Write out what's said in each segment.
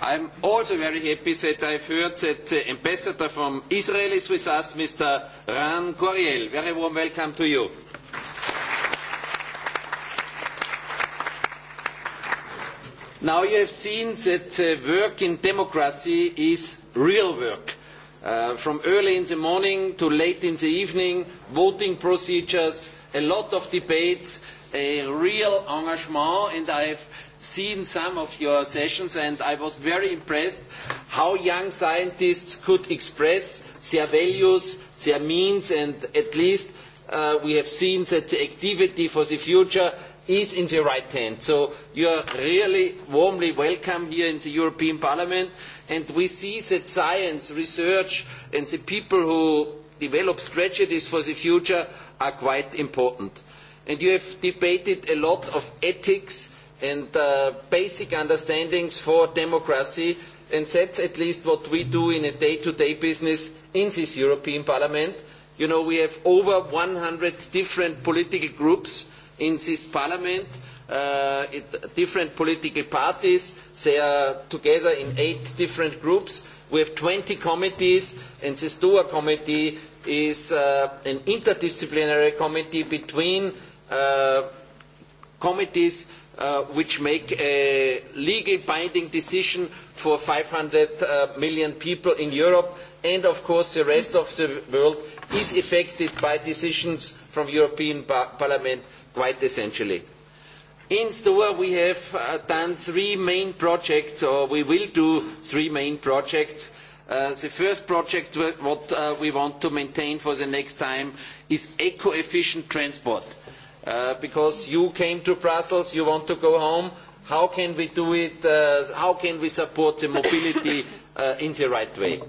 I am also very happy that I have heard that the ambassador from Israel is with us, Mr. Ran Goriel. Very warm welcome to you. Now you have seen that work in democracy is real work. from early in the morning to late in the evening, voting procedures, a lot of debates, a real engagement, and I have seen some of your sessions and I was very impressed how young scientists could express their values, their means and at least we have seen that the activity for the future is in the right hand. So you are really warmly welcome here in the European Parliament and we see that science, research and the people who develop strategies for the future are quite important. And you have debated a lot of ethics and uh, basic understandings for democracy, and that's at least what we do in a day-to-day business in this European Parliament. You know, we have over one hundred different political groups in this Parliament, different political parties. They are together in eight different groups. We have twenty committees, and the STOA committee is an interdisciplinary committee between committees which make a legal binding decision for five hundred million people in Europe and of course the rest of the world is affected by decisions from the European Parliament quite essentially. In Stoa we have done three main projects or we will do three main projects. the first project what we want to maintain for the next time is eco-efficient transport because you came to Brussels, you want to go home. How can we do it? how can we support the mobility in the right way?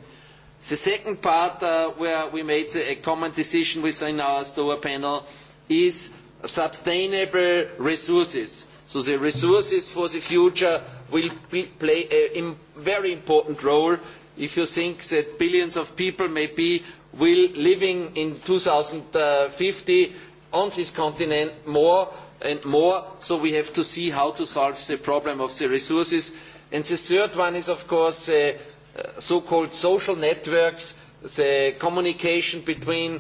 The second part where we made a common decision within our STOA panel is sustainable resources. So the resources for the future will play a very important role if you think that billions of people maybe will living in 2050 on this continent more and more, so we have to see how to solve the problem of the resources. And the third one is, of course, the so-called social networks, the communication between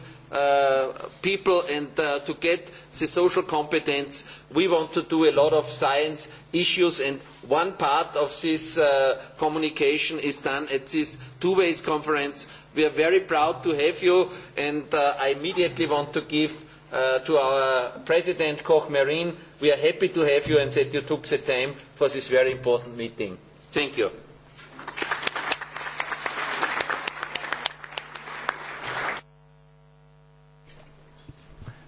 people and to get the social competence. We want to do a lot of science issues and one part of this communication is done at this two-ways conference. We are very proud to have you and I immediately want to give to our President Koch Marin. We are happy to have you and that you took the time for this very important meeting. Thank you.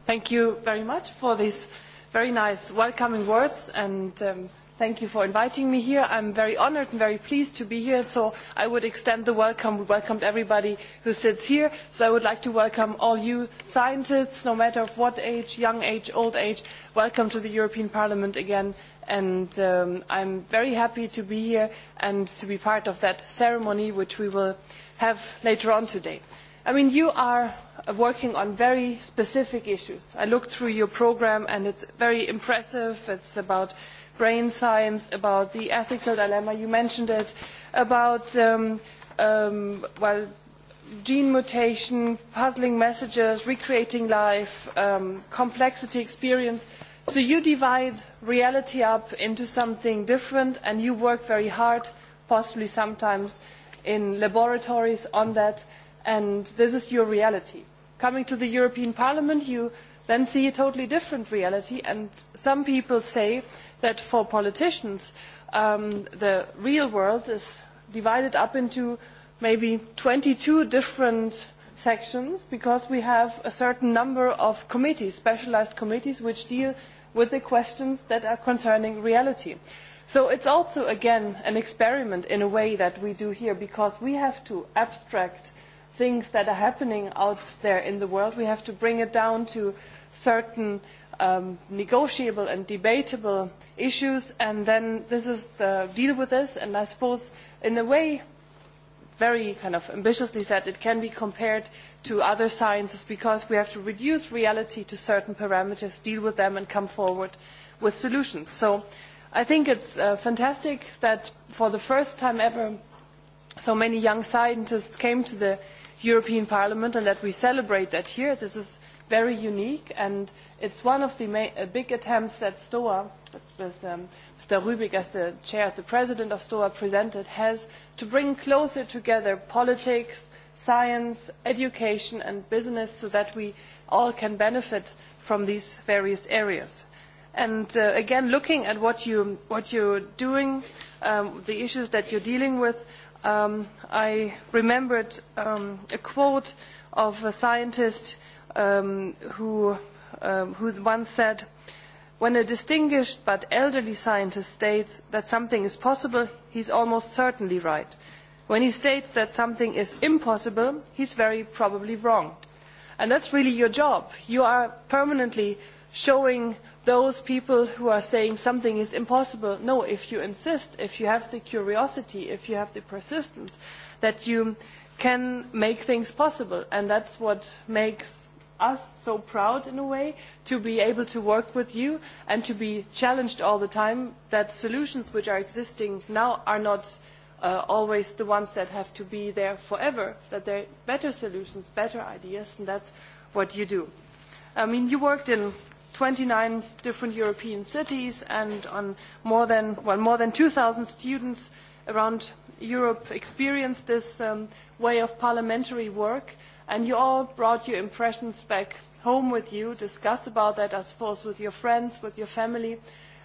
Thank you very much for these very nice welcoming words and um, Thank you for inviting me here. I am very honoured and very pleased to be here. So I would extend the welcome. We welcomed everybody who sits here. So I would like to welcome all you scientists, no matter of what age, young age, old age. Welcome to the European Parliament again. And I am very happy to be here and to be part of that ceremony, which we will have later on today. I mean, you are working on very specific issues. I looked through your programme, and it's very impressive. It's about brain science, about the ethical dilemma, you mentioned it, about well, gene mutation, puzzling messages, recreating life, complexity experience. So you divide reality up into something different and you work very hard, possibly sometimes in laboratories on that, and this is your reality. Coming to the European Parliament, you then see a totally different reality. And some people say that for politicians, the real world is divided up into maybe twenty two different sections because we have a certain number of committees, specialised committees, which deal with the questions that are concerning reality. So it is also, again, an experiment in a way that we do here because we have to abstract things that are happening out there in the world. We have to bring it down to certain negotiable and debatable issues, and then this is uh, deal with this. And I suppose, in a way, very kind of ambitiously said, it can be compared to other sciences because we have to reduce reality to certain parameters, deal with them, and come forward with solutions. So, I think it's uh, fantastic that for the first time ever so many young scientists came to the European Parliament and that we celebrate that here. This is very unique and it's one of the ma- big attempts that STOA, with um, Mr. Rubik as the chair, the president of STOA presented, has to bring closer together politics, science, education and business so that we all can benefit from these various areas. And uh, again, looking at what, you, what you're doing, um, the issues that you're dealing with, I remembered a quote of a scientist who, once said, when a distinguished but elderly scientist states that something is possible, he is almost certainly right. When he states that something is impossible, he is very probably wrong. And is really your job. You are permanently showing those people who are saying something is impossible. No, if you insist, if you have the curiosity, if you have the persistence, that you can make things possible. And that's what makes us so proud in a way to be able to work with you and to be challenged all the time that solutions which are existing now are not always the ones that have to be there forever, that there are better solutions, better ideas, and that's what you do. I mean, you worked in twenty nine different European cities and on more than, well, more than 2,000 students around Europe experienced this way of parliamentary work. And you all brought your impressions back home with you, discussed about that, I suppose, with your friends, with your family.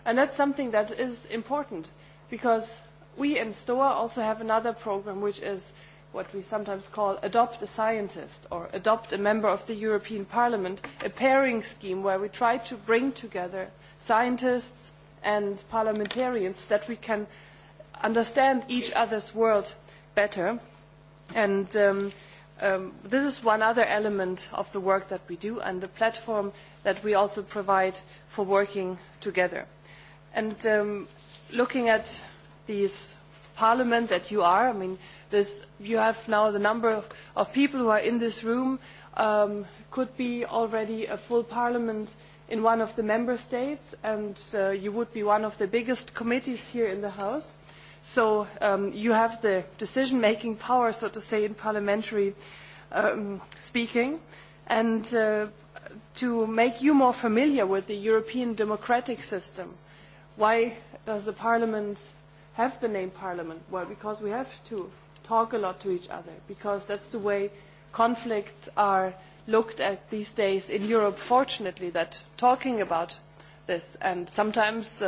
And that's something that is important because we in STOA also have another program which is what we sometimes call adopt a scientist or adopt a member of the European Parliament, a pairing scheme where we try to bring together scientists and parliamentarians so that we can understand each other's world better. And this is one other element of the work that we do and the platform that we also provide for working together. And looking at this parliament that you are, I mean, you have now the number of people who are in this room could be already a full parliament in one of the member states, and you would be one of the biggest committees here in the House. So you have the decision-making power, so to say, in parliamentary speaking. And to make you more familiar with the European democratic system, why does the Parliament have the name Parliament? Well, because we have to talk a lot to each other because that's the way conflicts are looked at these days in Europe, fortunately, that talking about this and sometimes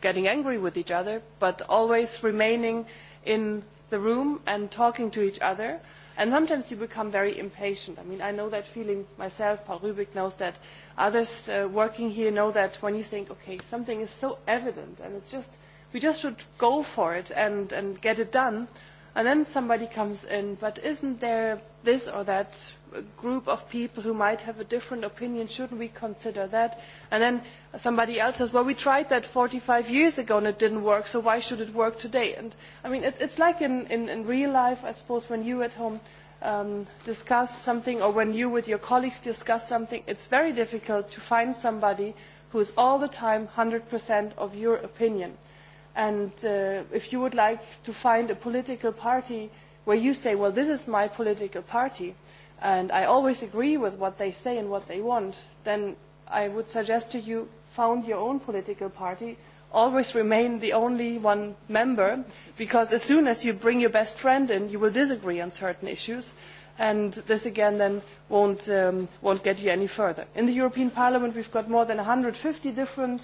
getting angry with each other, but always remaining in the room and talking to each other. And sometimes you become very impatient. I mean, I know that feeling myself. Paul Rubik knows that. Others uh, working here know that when you think, okay, something is so evident and it's just, we just should go for it and, and get it done and then somebody comes in, but isn't there this or that group of people who might have a different opinion, shouldn't we consider that? And then somebody else says, well, we tried that forty five years ago and it didn't work, so why should it work today? And I mean, it, it's like in, in, in real life, I suppose, when you at home um, discuss something or when you with your colleagues discuss something, it's very difficult to find somebody who is all the time 100% of your opinion And if you would like to find a political party where you say, well, this is my political party, and I always agree with what they say and what they want, then I would suggest to you found your own political party. Always remain the only one member, because as soon as you bring your best friend in, you will disagree on certain issues, and this again then won't, um, won't get you any further. In the European Parliament, we've got more than one hundred and fifty different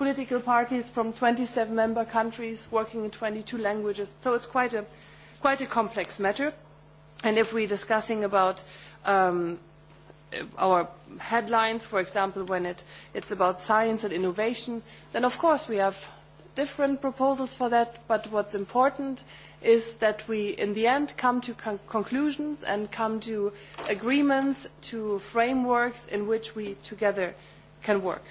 political parties from twenty seven member countries working in twenty two languages. So it's quite a, quite a complex matter. And if we're discussing about our headlines, for example, when it, it's about science and innovation, then of course we have different proposals for that, but what's important is that we, in the end, come to conclusions and come to agreements, to frameworks in which we together can work.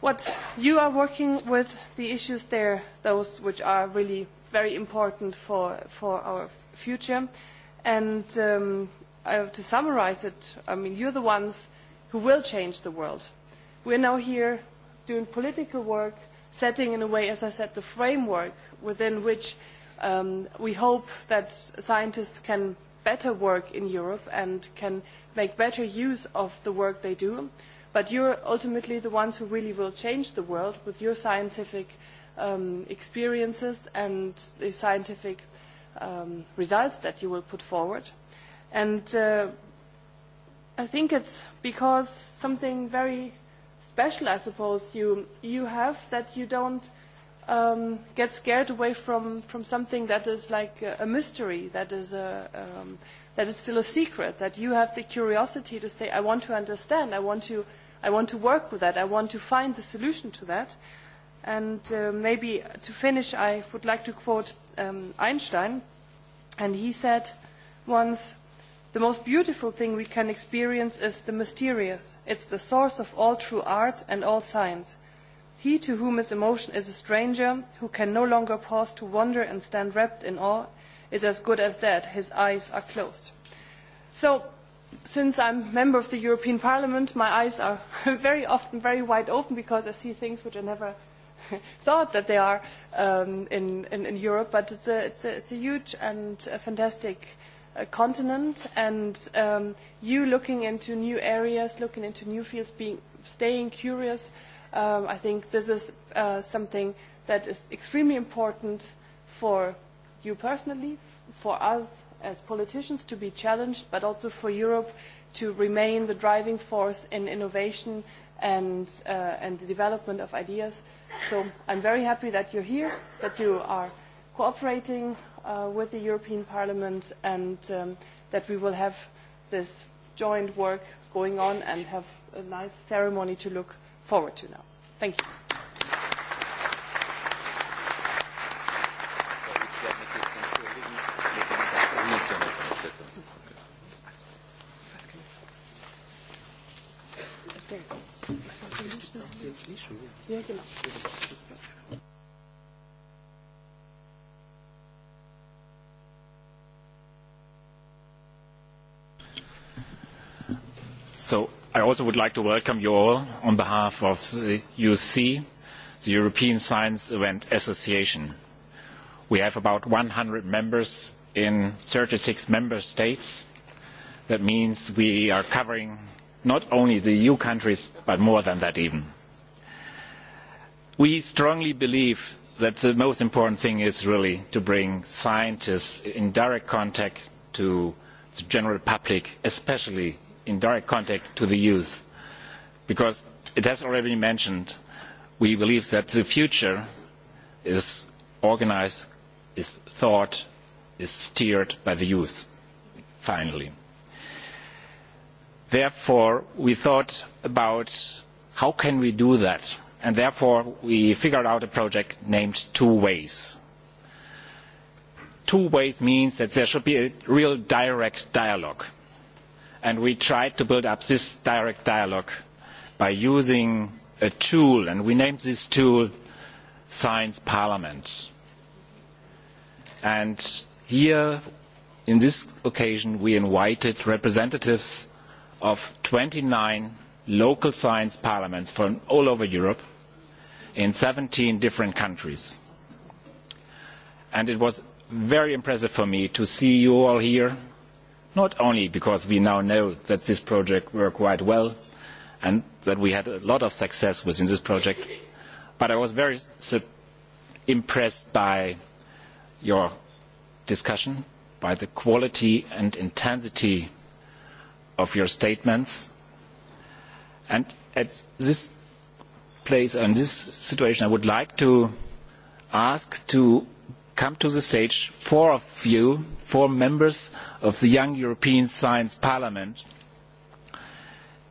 What you are working with the issues there, those which are really very important for for our future. And um, have to summarize it, I mean, you're the ones who will change the world. We're now here doing political work, setting in a way, as I said, the framework within which um, we hope that scientists can better work in Europe and can make better use of the work they do But you're ultimately the ones who really will change the world with your scientific um, experiences and the scientific um, results that you will put forward. And uh, I think it's because something very special, I suppose, you, you have that you don't um, get scared away from, from something that is like a, a mystery, that is, a, um, that is still a secret, that you have the curiosity to say, I want to understand, I want to I want to work with that. I want to find the solution to that. And maybe to finish, I would like to quote Einstein. And he said once, the most beautiful thing we can experience is the mysterious. It's the source of all true art and all science. He to whom his emotion is a stranger, who can no longer pause to wonder and stand wrapped in awe, is as good as dead. His eyes are closed. So since I am a member of the European Parliament, my eyes are very often very wide open because I see things which I never thought that they are in, in, Europe. But it's a, it's a, it's a huge and a fantastic continent, and you looking into new areas, looking into new fields, being staying curious. I think this is something that is extremely important for you personally, for us as politicians to be challenged, but also for Europe to remain the driving force in innovation and, the development of ideas. So I'm very happy that you're here, that you are cooperating with the European Parliament, and that we will have this joint work going on and have a nice ceremony to look forward to now. Thank you. I also would like to welcome you all on behalf of the UC, the European Science Event Association. We have about one hundred members in thirty six member states. That means we are covering not only the EU countries, but more than that even. We strongly believe that the most important thing is really to bring scientists in direct contact to the general public, especially in direct contact to the youth. Because it has already been mentioned, we believe that the future is organised, is thought, is steered by the youth, finally. Therefore, we thought about how can we do that? And therefore, we figured out a project named Two Ways. Two Ways means that there should be a real direct dialogue – and we tried to build up this direct dialogue by using a tool, and we named this tool Science Parliament. And here, in this occasion, we invited representatives of twenty nine local science parliaments from all over Europe in seventeen different countries. And it was very impressive for me to see you all here not only because we now know that this project worked quite well and that we had a lot of success within this project, but I was very impressed by your discussion, by the quality and intensity of your statements. And at this place, in this situation, I would like to ask to come to the stage, four of you, four members of the Young European Science Parliament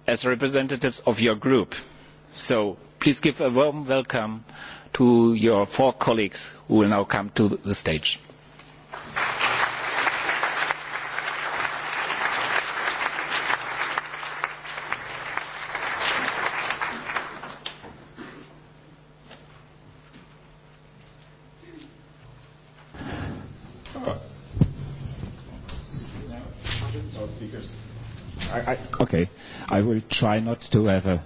as representatives of your group. So please give a warm welcome to your four colleagues who will now come to the stage. try not to have a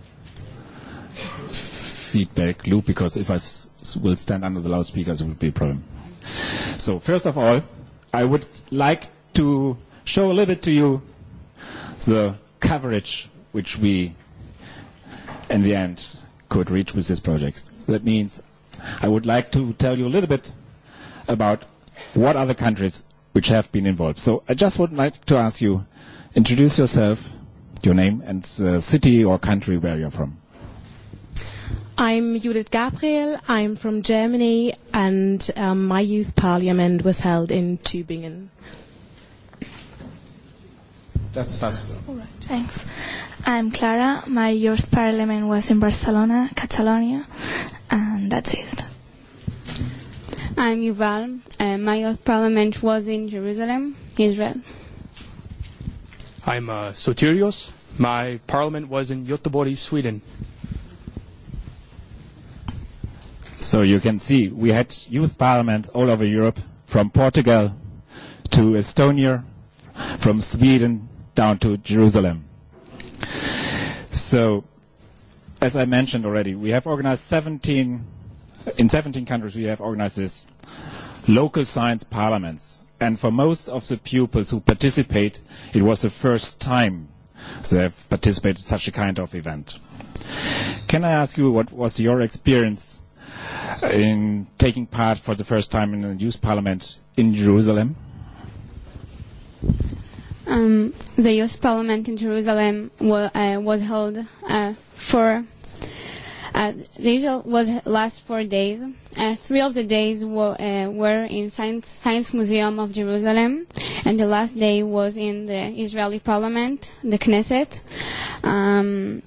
feedback loop because if I s- will stand under the loudspeakers, it would be a problem. So first of all, I would like to show a little bit to you the coverage which we, in the end, could reach with this project. That means I would like to tell you a little bit about what other countries which have been involved. So I just would like to ask you, introduce yourself your name and the city or country where you're from. I'm Judith Gabriel. I'm from Germany, and um, my youth parliament was held in Tübingen. That's All right. Thanks. I'm Clara. My youth parliament was in Barcelona, Catalonia, and that's it. I'm Yuval. Uh, my youth parliament was in Jerusalem, Israel. I'm uh, Sotirios. My parliament was in Göteborg, Sweden. So you can see we had youth parliament all over Europe, from Portugal to Estonia, from Sweden down to Jerusalem. So, as I mentioned already, we have organized 17, in 17 countries we have organized this local science parliaments And for most of the pupils who participate, it was the first time they have participated in such a kind of event. Can I ask you what was your experience in taking part for the first time in the youth parliament in Jerusalem? Um, the youth parliament in Jerusalem wa- uh, was held uh, for Uh, the usual was last four days. Uh, three of the days were, uh, were in Science, Science Museum of Jerusalem, and the last day was in the Israeli Parliament, the Knesset. Um,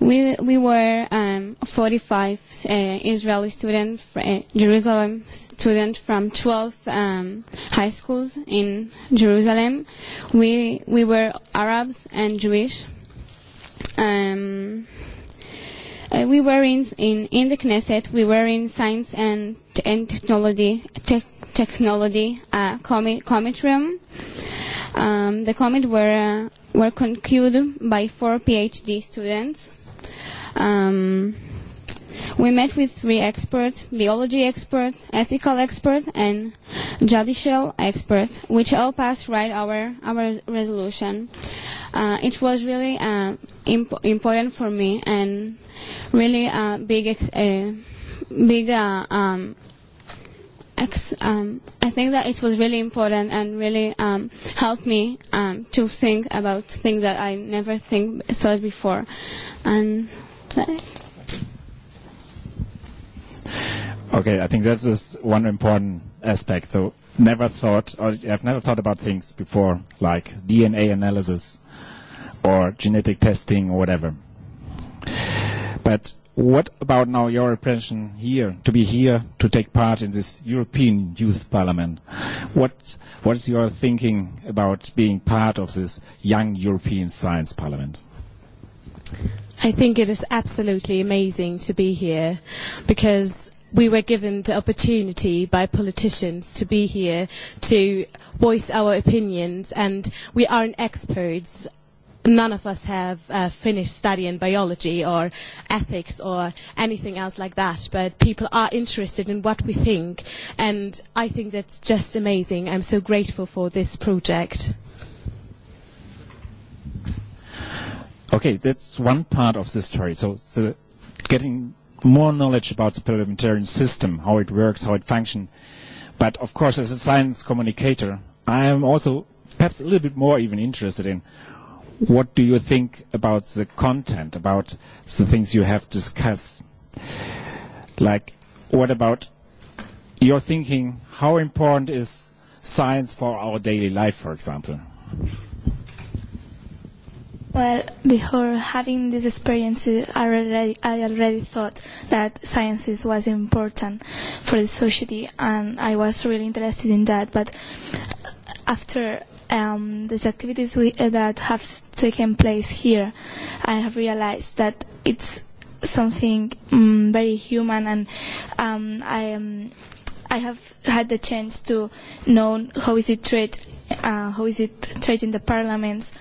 we we were um, 45 uh, Israeli students, uh, Jerusalem students from 12 um, high schools in Jerusalem. We we were Arabs and Jewish. Um, Uh, we were in, in, in the Knesset, we were in science and, and technology, te- technology uh, comet, comet room. Um, the comet were, uh, were concluded by four PhD students. Um, we met with three experts, biology expert, ethical expert, and judicial expert, which helped us write our, our resolution. Uh, it was really uh, imp- important for me, and really a big, ex uh, big uh, um, ex- um, I think that it was really important and really um, helped me um, to think about things that I never think thought before, and. Okay, I think that's just one important aspect. So never thought, or I've never thought about things before, like DNA analysis or genetic testing or whatever. But what about now your impression here, to be here, to take part in this European Youth Parliament? What, what is your thinking about being part of this young European Science Parliament? I think it is absolutely amazing to be here because we were given the opportunity by politicians to be here to voice our opinions and we aren't experts none of us have uh, finished studying biology or ethics or anything else like that, but people are interested in what we think, and I think that's just amazing. I'm so grateful for this project. Okay, that's one part of the story. So, the getting more knowledge about the parliamentarian system, how it works, how it functions. But of course, as a science communicator, I am also perhaps a little bit more even interested in what do you think about the content, about the things you have discussed? Like, what about your thinking? How important is science for our daily life, for example? Well, before having this experience, I already, I already thought that science was important for the society, and I was really interested in that. But after um, these activities we, uh, that have taken place here, I have realized that it's something um, very human, and um, I um, I have had the chance to know how is it treated, uh, how is it treated in the parliaments,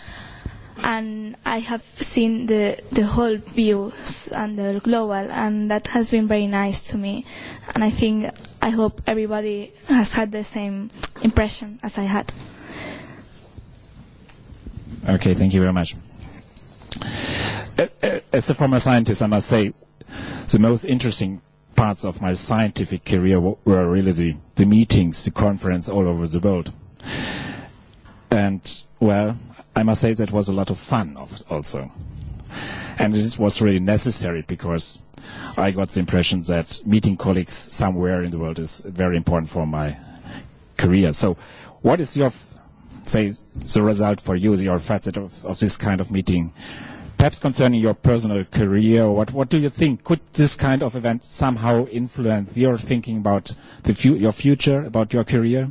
and I have seen the the whole view and the global, and that has been very nice to me, and I think I hope everybody has had the same impression as I had. Okay, thank you very much. As a former scientist, I must say the most interesting parts of my scientific career were really the, the meetings, the conference all over the world. And, well, I must say that was a lot of fun also. And this was really necessary because I got the impression that meeting colleagues somewhere in the world is very important for my career. So what is your say the result for you, your facet of, of this kind of meeting. Perhaps concerning your personal career, what, what do you think? Could this kind of event somehow influence your thinking about the fu- your future, about your career?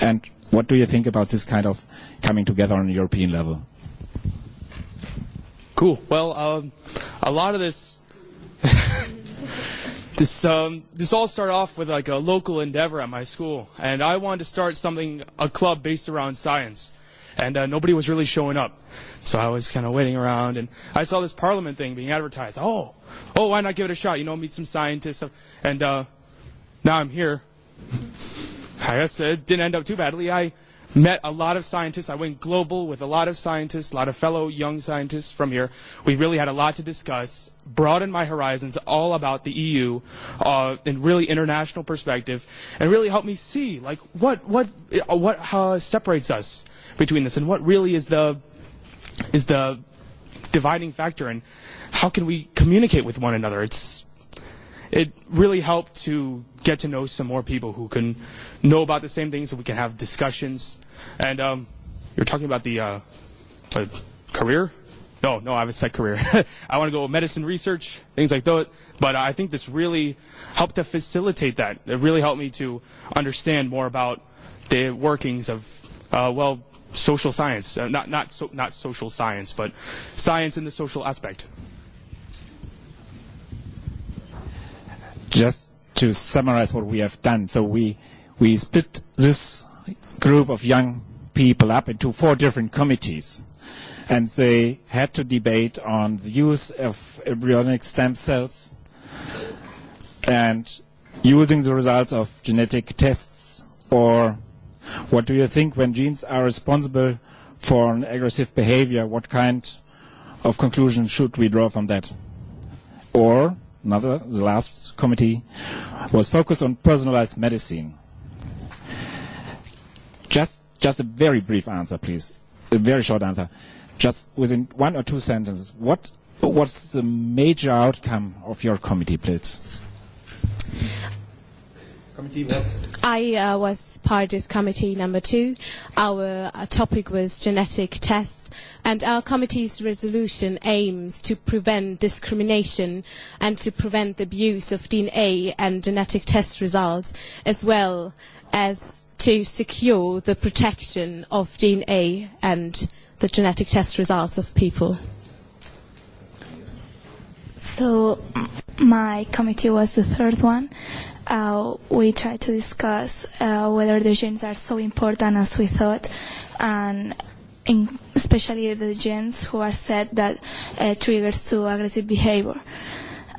And what do you think about this kind of coming together on a European level? Cool. Well, um, a lot of this. This um, this all started off with like a local endeavor at my school, and I wanted to start something a club based around science, and uh, nobody was really showing up, so I was kind of waiting around, and I saw this Parliament thing being advertised. Oh, oh, why not give it a shot? You know, meet some scientists, and uh, now I'm here. I guess it didn't end up too badly. I met a lot of scientists. I went global with a lot of scientists, a lot of fellow young scientists from here. We really had a lot to discuss, broadened my horizons all about the EU uh, in really international perspective, and really helped me see like what what what uh, separates us between this and what really is the is the dividing factor and how can we communicate with one another. It's it really helped to get to know some more people who can know about the same things so we can have discussions And um, you're talking about the uh, uh, career? No, no, I haven't said career. I want to go with medicine research, things like that. But I think this really helped to facilitate that. It really helped me to understand more about the workings of, uh, well, social science. Uh, not, not, so, not social science, but science in the social aspect. Just to summarize what we have done. So we, we split this group of young people up into four different committees. And they had to debate on the use of embryonic stem cells and using the results of genetic tests or what do you think when genes are responsible for an aggressive behavior, what kind of conclusion should we draw from that? Or another, the last committee was focused on personalized medicine Just just a very brief answer, please. A very short answer. Just within one or two sentences. What what's the major outcome of your committee, please? Committee was. I uh, was part of committee number two. Our uh, topic was genetic tests, and our committee's resolution aims to prevent discrimination and to prevent the abuse of DNA and genetic test results, as well as to secure the protection of gene A and the genetic test results of people? So my committee was the third one. Uh, we tried to discuss uh, whether the genes are so important as we thought, and in, especially the genes who are said that uh, triggers to aggressive behavior.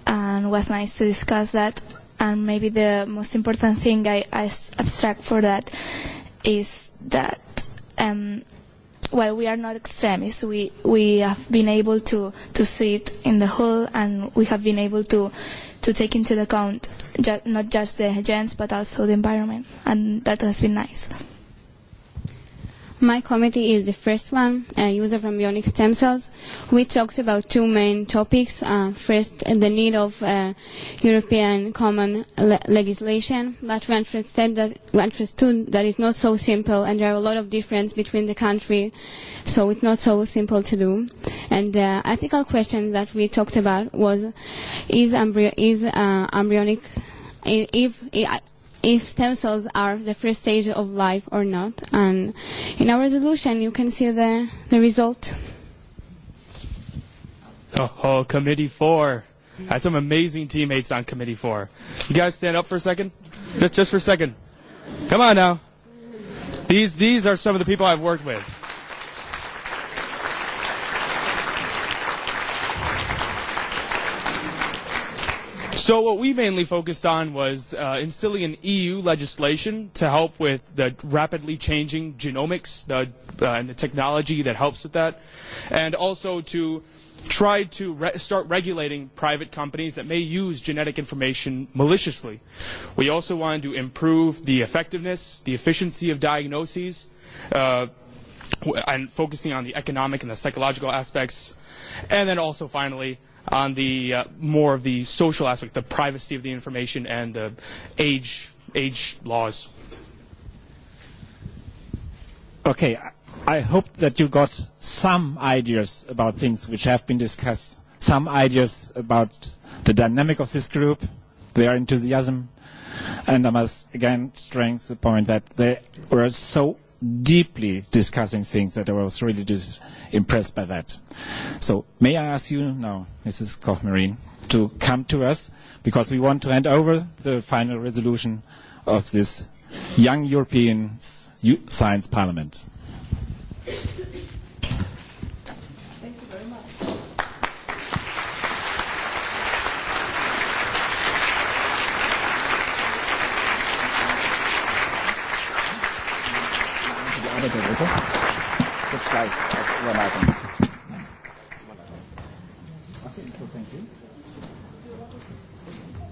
And it was nice to discuss that and maybe the most important thing I, I abstract for that is that um, well we are not extremists we we have been able to to see it in the whole and we have been able to to take into account ju- not just the agents but also the environment and that has been nice. My committee is the first one, uh, user of embryonic stem cells. We talked about two main topics. Uh, first, the need of uh, European common le- legislation, but we understood, that, we understood that it's not so simple and there are a lot of differences between the country, so it's not so simple to do. And the ethical question that we talked about was, is, embry- is uh, embryonic, if, if if stem cells are the first stage of life or not. And in our resolution, you can see the, the result. Oh, oh, Committee four. I had some amazing teammates on Committee four. You guys stand up for a second? Just, just for a second. Come on now. These, these are some of the people I've worked with. So what we mainly focused on was uh, instilling an EU legislation to help with the rapidly changing genomics the, uh, and the technology that helps with that, and also to try to re- start regulating private companies that may use genetic information maliciously. We also wanted to improve the effectiveness, the efficiency of diagnoses, uh, and focusing on the economic and the psychological aspects, and then also finally on the uh, more of the social aspect, the privacy of the information and the age age laws. Okay, I hope that you got some ideas about things which have been discussed, some ideas about the dynamic of this group, their enthusiasm, and I must again strengthen the point that they were so deeply discussing things that I was really just impressed by that. So may I ask you now, Mrs. Kochmarin, to come to us because we want to hand over the final resolution of this young European science parliament.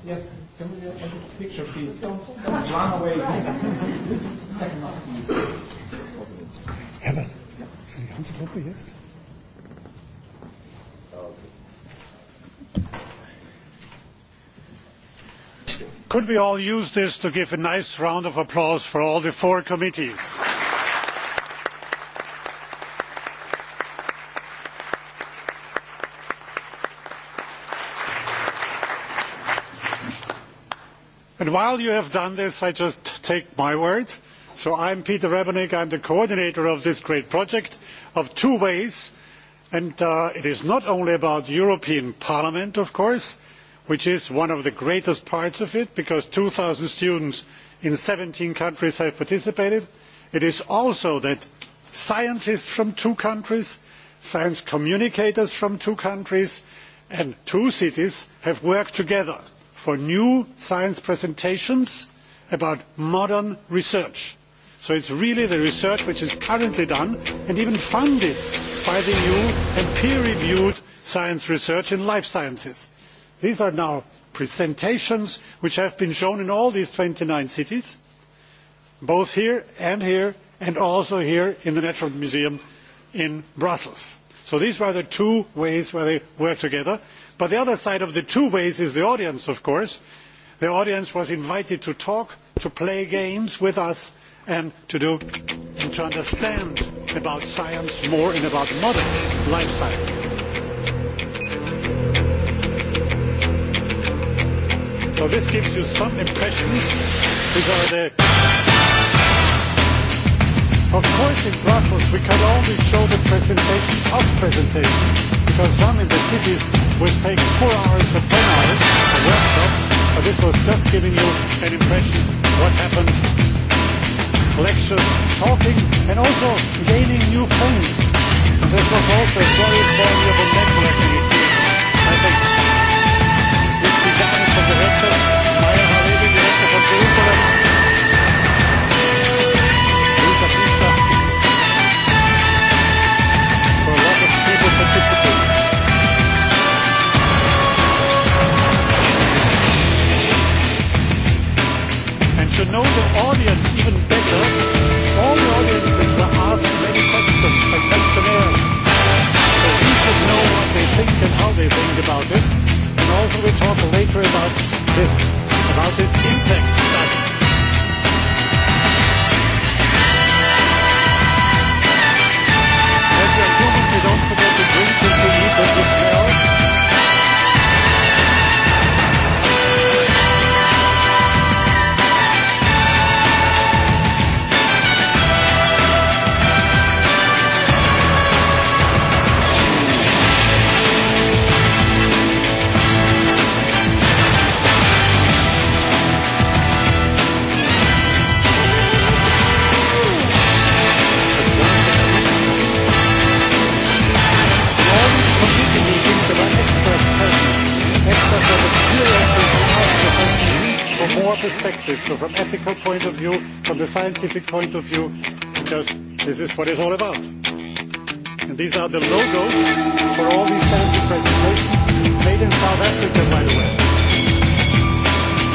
Yes, can we a picture, please? don't run away. This second must be possible. Herbert, für die ganze Gruppe jetzt? Could we all use this to give a nice round of applause for all the four committees? while you have done this, I just take my word. So I am Peter Rebenik, I am the coordinator of this great project of two ways. And it is not only about the European Parliament, of course, which is one of the greatest parts of it, because two 2,000 students in seventeen countries have participated. It is also that scientists from two countries, science communicators from two countries, and two cities have worked together for new science presentations about modern research. So it is really the research which is currently done and even funded by the EU and peer-reviewed science research in life sciences. These are now presentations which have been shown in all these twenty nine cities, both here and here, and also here in the Natural Museum in Brussels. So these were the two ways where they work together but the other side of the two ways is the audience of course. the audience was invited to talk to play games with us and to understand about science more and about modern life science. so this gives you some impressions. These are the of course in brussels we can only show the presentation of presentations because some in the cities which takes four hours to ten hours a workshop, but this was just giving you an impression of what happens. Lectures, talking, and also gaining new friends. This was also a very valuable networking experience. I think this began from the rector, Maya Halevi, the rector from Jerusalem, Lisa Pista, for a lot of people participating. to know the audience even better, all the audiences were asked many questions, by questionnaires. So we should know what they think and how they think about it. And also we talk later about this, about this impact study. perspective. So from ethical point of view, from the scientific point of view, because this is what it's all about. And these are the logos for all these scientific presentations made in South Africa, by the way.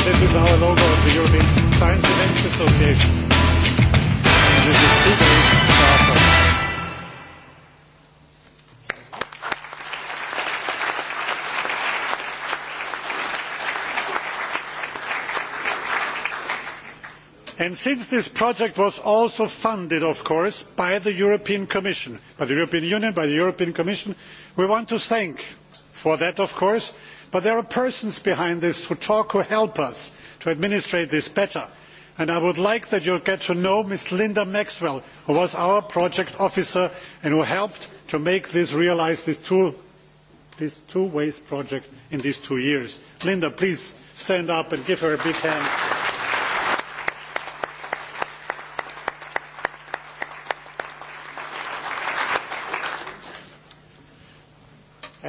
This is our logo of the European Science Events Association. And this is Friedrich since this project was also funded of course by the european commission by the european union by the european commission we want to thank for that of course but there are persons behind this who talk who help us to administrate this better and i would like you to get to know ms linda maxwell who was our project officer and who helped to make this realise this two ways project in these two years. linda please stand up and give her a big hand.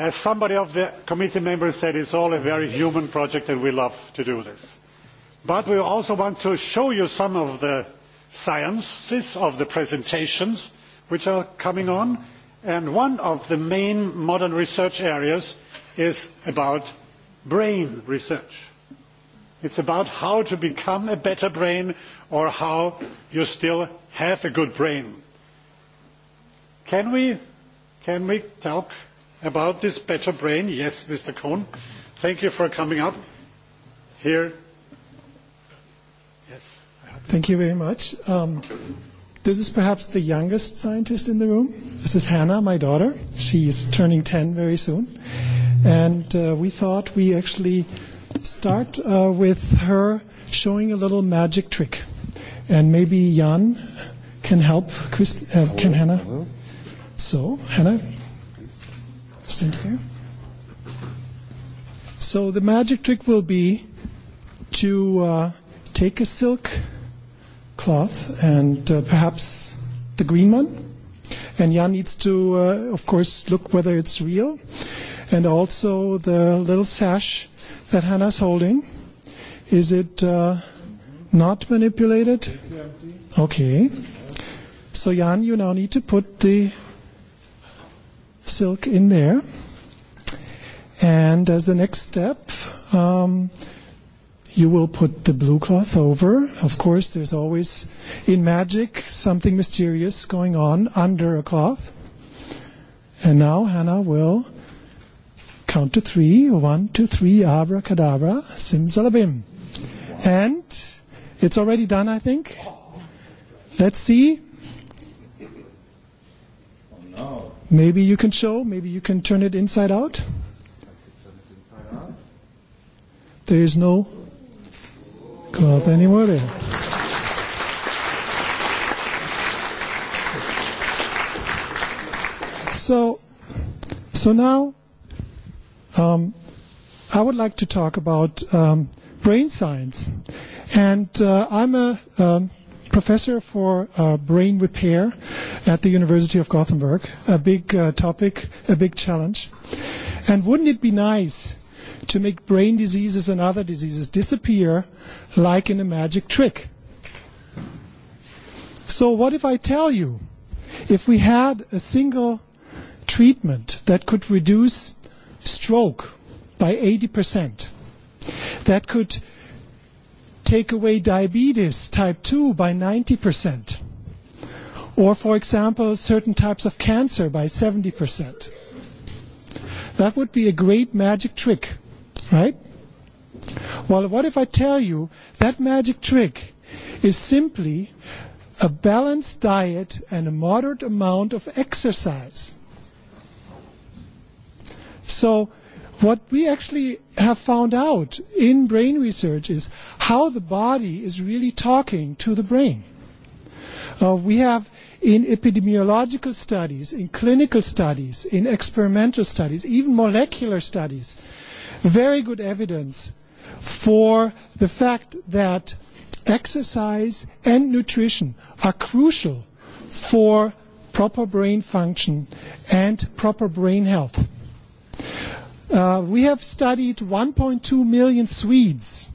As somebody of the committee members said, it is all a very human project and we love to do this. But we also want to show you some of the sciences of the presentations which are coming on. And one of the main modern research areas is about brain research. It is about how to become a better brain or how you still have a good brain. Can we, can we talk About this better brain, yes, Mr. Cohn. Thank you for coming up here. Yes. Thank you very much. Um, this is perhaps the youngest scientist in the room. This is Hannah, my daughter. She's turning 10 very soon. And uh, we thought we actually start uh, with her showing a little magic trick. And maybe Jan can help. Chris, uh, can Hannah? So, Hannah, Thank here. So the magic trick will be to uh, take a silk cloth and uh, perhaps the green one. And Jan needs to, uh, of course, look whether it's real. And also the little sash that Hannah's holding. Is it uh, not manipulated? Okay. So Jan, you now need to put the silk in there. And as the next step, um, you will put the blue cloth over. Of course, there's always in magic something mysterious going on under a cloth. And now Hannah will count to three. One, two, three, abracadabra, simsalabim. And it's already done, I think. Let's see. Oh, no. Maybe you can show, maybe you can turn it inside out. There is no cloth anywhere there. So, so now um, I would like to talk about um, brain science. And uh, I'm a um, professor for uh, brain repair at the University of Gothenburg. A big uh, topic, a big challenge. And wouldn't it be nice to make brain diseases and other diseases disappear like in a magic trick? So, what if I tell you if we had a single treatment that could reduce stroke by 80%, that could take away diabetes type 2 by 90%, or, for example, certain types of cancer by 70%. That would be a great magic trick, right? Well, what if I tell you that magic trick is simply a balanced diet and a moderate amount of exercise? So, what we actually have found out in brain research is how the body is really talking to the brain. Uh, we have in epidemiological studies, in clinical studies, in experimental studies, even molecular studies, very good evidence for the fact that exercise and nutrition are crucial for proper brain function and proper brain health. we have studied 1.2 million Swedes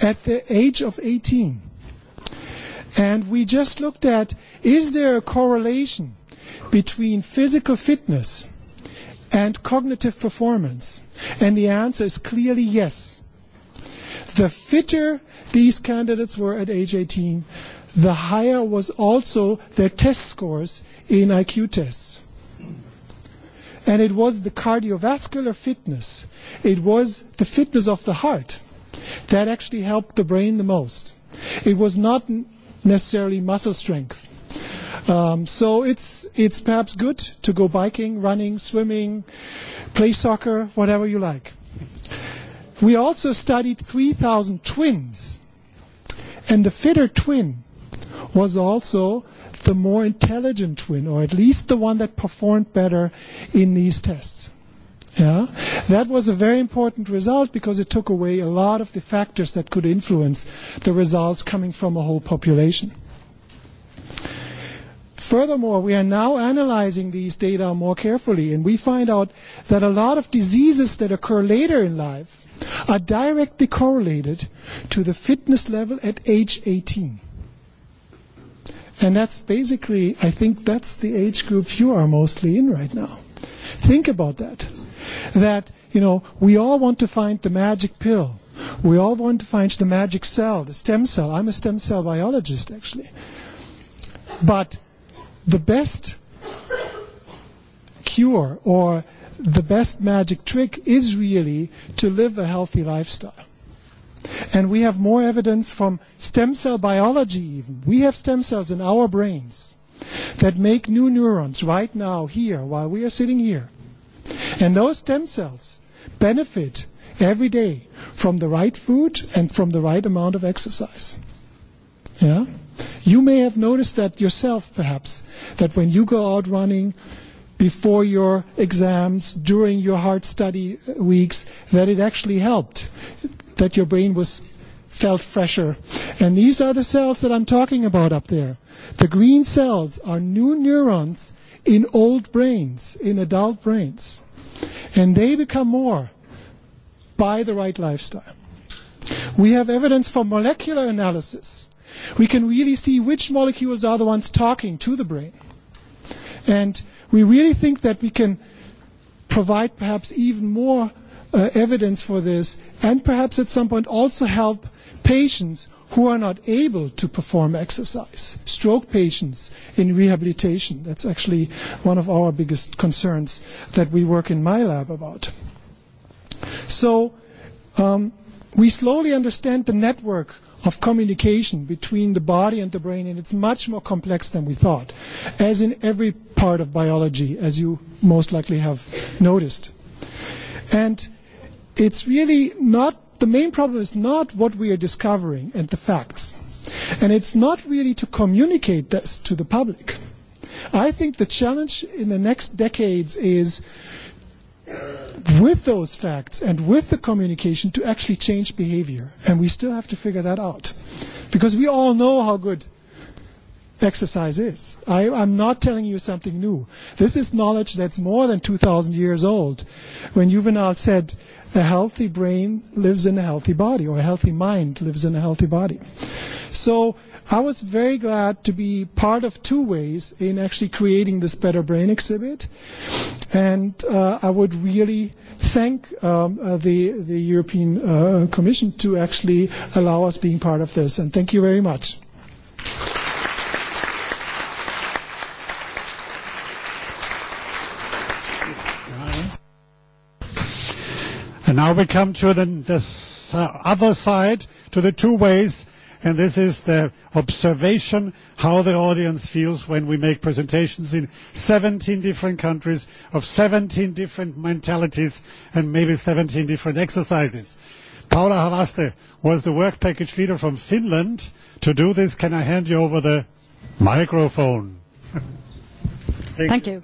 at the age of 18. And we just looked at is there a correlation between physical fitness and cognitive performance? And the answer is clearly yes. The fitter these candidates were at age 18, the higher was also their test scores in IQ tests. And it was the cardiovascular fitness, it was the fitness of the heart That actually helped the brain the most. It was not necessarily muscle strength. Um, so it's it's perhaps good to go biking, running, swimming, play soccer, whatever you like. We also studied 3,000 twins, and the fitter twin was also the more intelligent twin, or at least the one that performed better in these tests. Yeah? That was a very important result because it took away a lot of the factors that could influence the results coming from a whole population. Furthermore, we are now analyzing these data more carefully, and we find out that a lot of diseases that occur later in life are directly correlated to the fitness level at age 18. And that's basically, I think that's the age group you are mostly in right now. Think about that. That, you know, we all want to find the magic pill. We all want to find the magic cell, the stem cell. I'm a stem cell biologist, actually. But the best cure or the best magic trick is really to live a healthy lifestyle. And we have more evidence from stem cell biology, even. We have stem cells in our brains that make new neurons right now, here, while we are sitting here And those stem cells benefit every day from the right food and from the right amount of exercise. Yeah? You may have noticed that yourself, perhaps, that when you go out running before your exams, during your hard study weeks, that it actually helped, that your brain was felt fresher. And these are the cells that I'm talking about up there. The green cells are new neurons in old brains, in adult brains. And they become more by the right lifestyle. We have evidence for molecular analysis. We can really see which molecules are the ones talking to the brain. And we really think that we can provide perhaps even more uh, evidence for this and perhaps at some point also help patients who are not able to perform exercise. Stroke patients in rehabilitation, that's actually one of our biggest concerns that we work in my lab about. So um, we slowly understand the network of communication between the body and the brain, and it's much more complex than we thought, as in every part of biology, as you most likely have noticed. And it's really not the main problem is not what we are discovering and the facts. And it's not really to communicate this to the public. I think the challenge in the next decades is with those facts and with the communication to actually change behavior. And we still have to figure that out. Because we all know how good exercise is. I, I'm not telling you something new. This is knowledge that's more than 2,000 years old. When Juvenal said, a healthy brain lives in a healthy body, or a healthy mind lives in a healthy body. So I was very glad to be part of two ways in actually creating this Better Brain exhibit. And uh, I would really thank um, uh, the, the European uh, Commission to actually allow us being part of this. And thank you very much. Now we come to the, the other side, to the two ways, and this is the observation, how the audience feels when we make presentations in 17 different countries of 17 different mentalities and maybe 17 different exercises. Paula Havaste was the work package leader from Finland. To do this, can I hand you over the microphone? Thank you.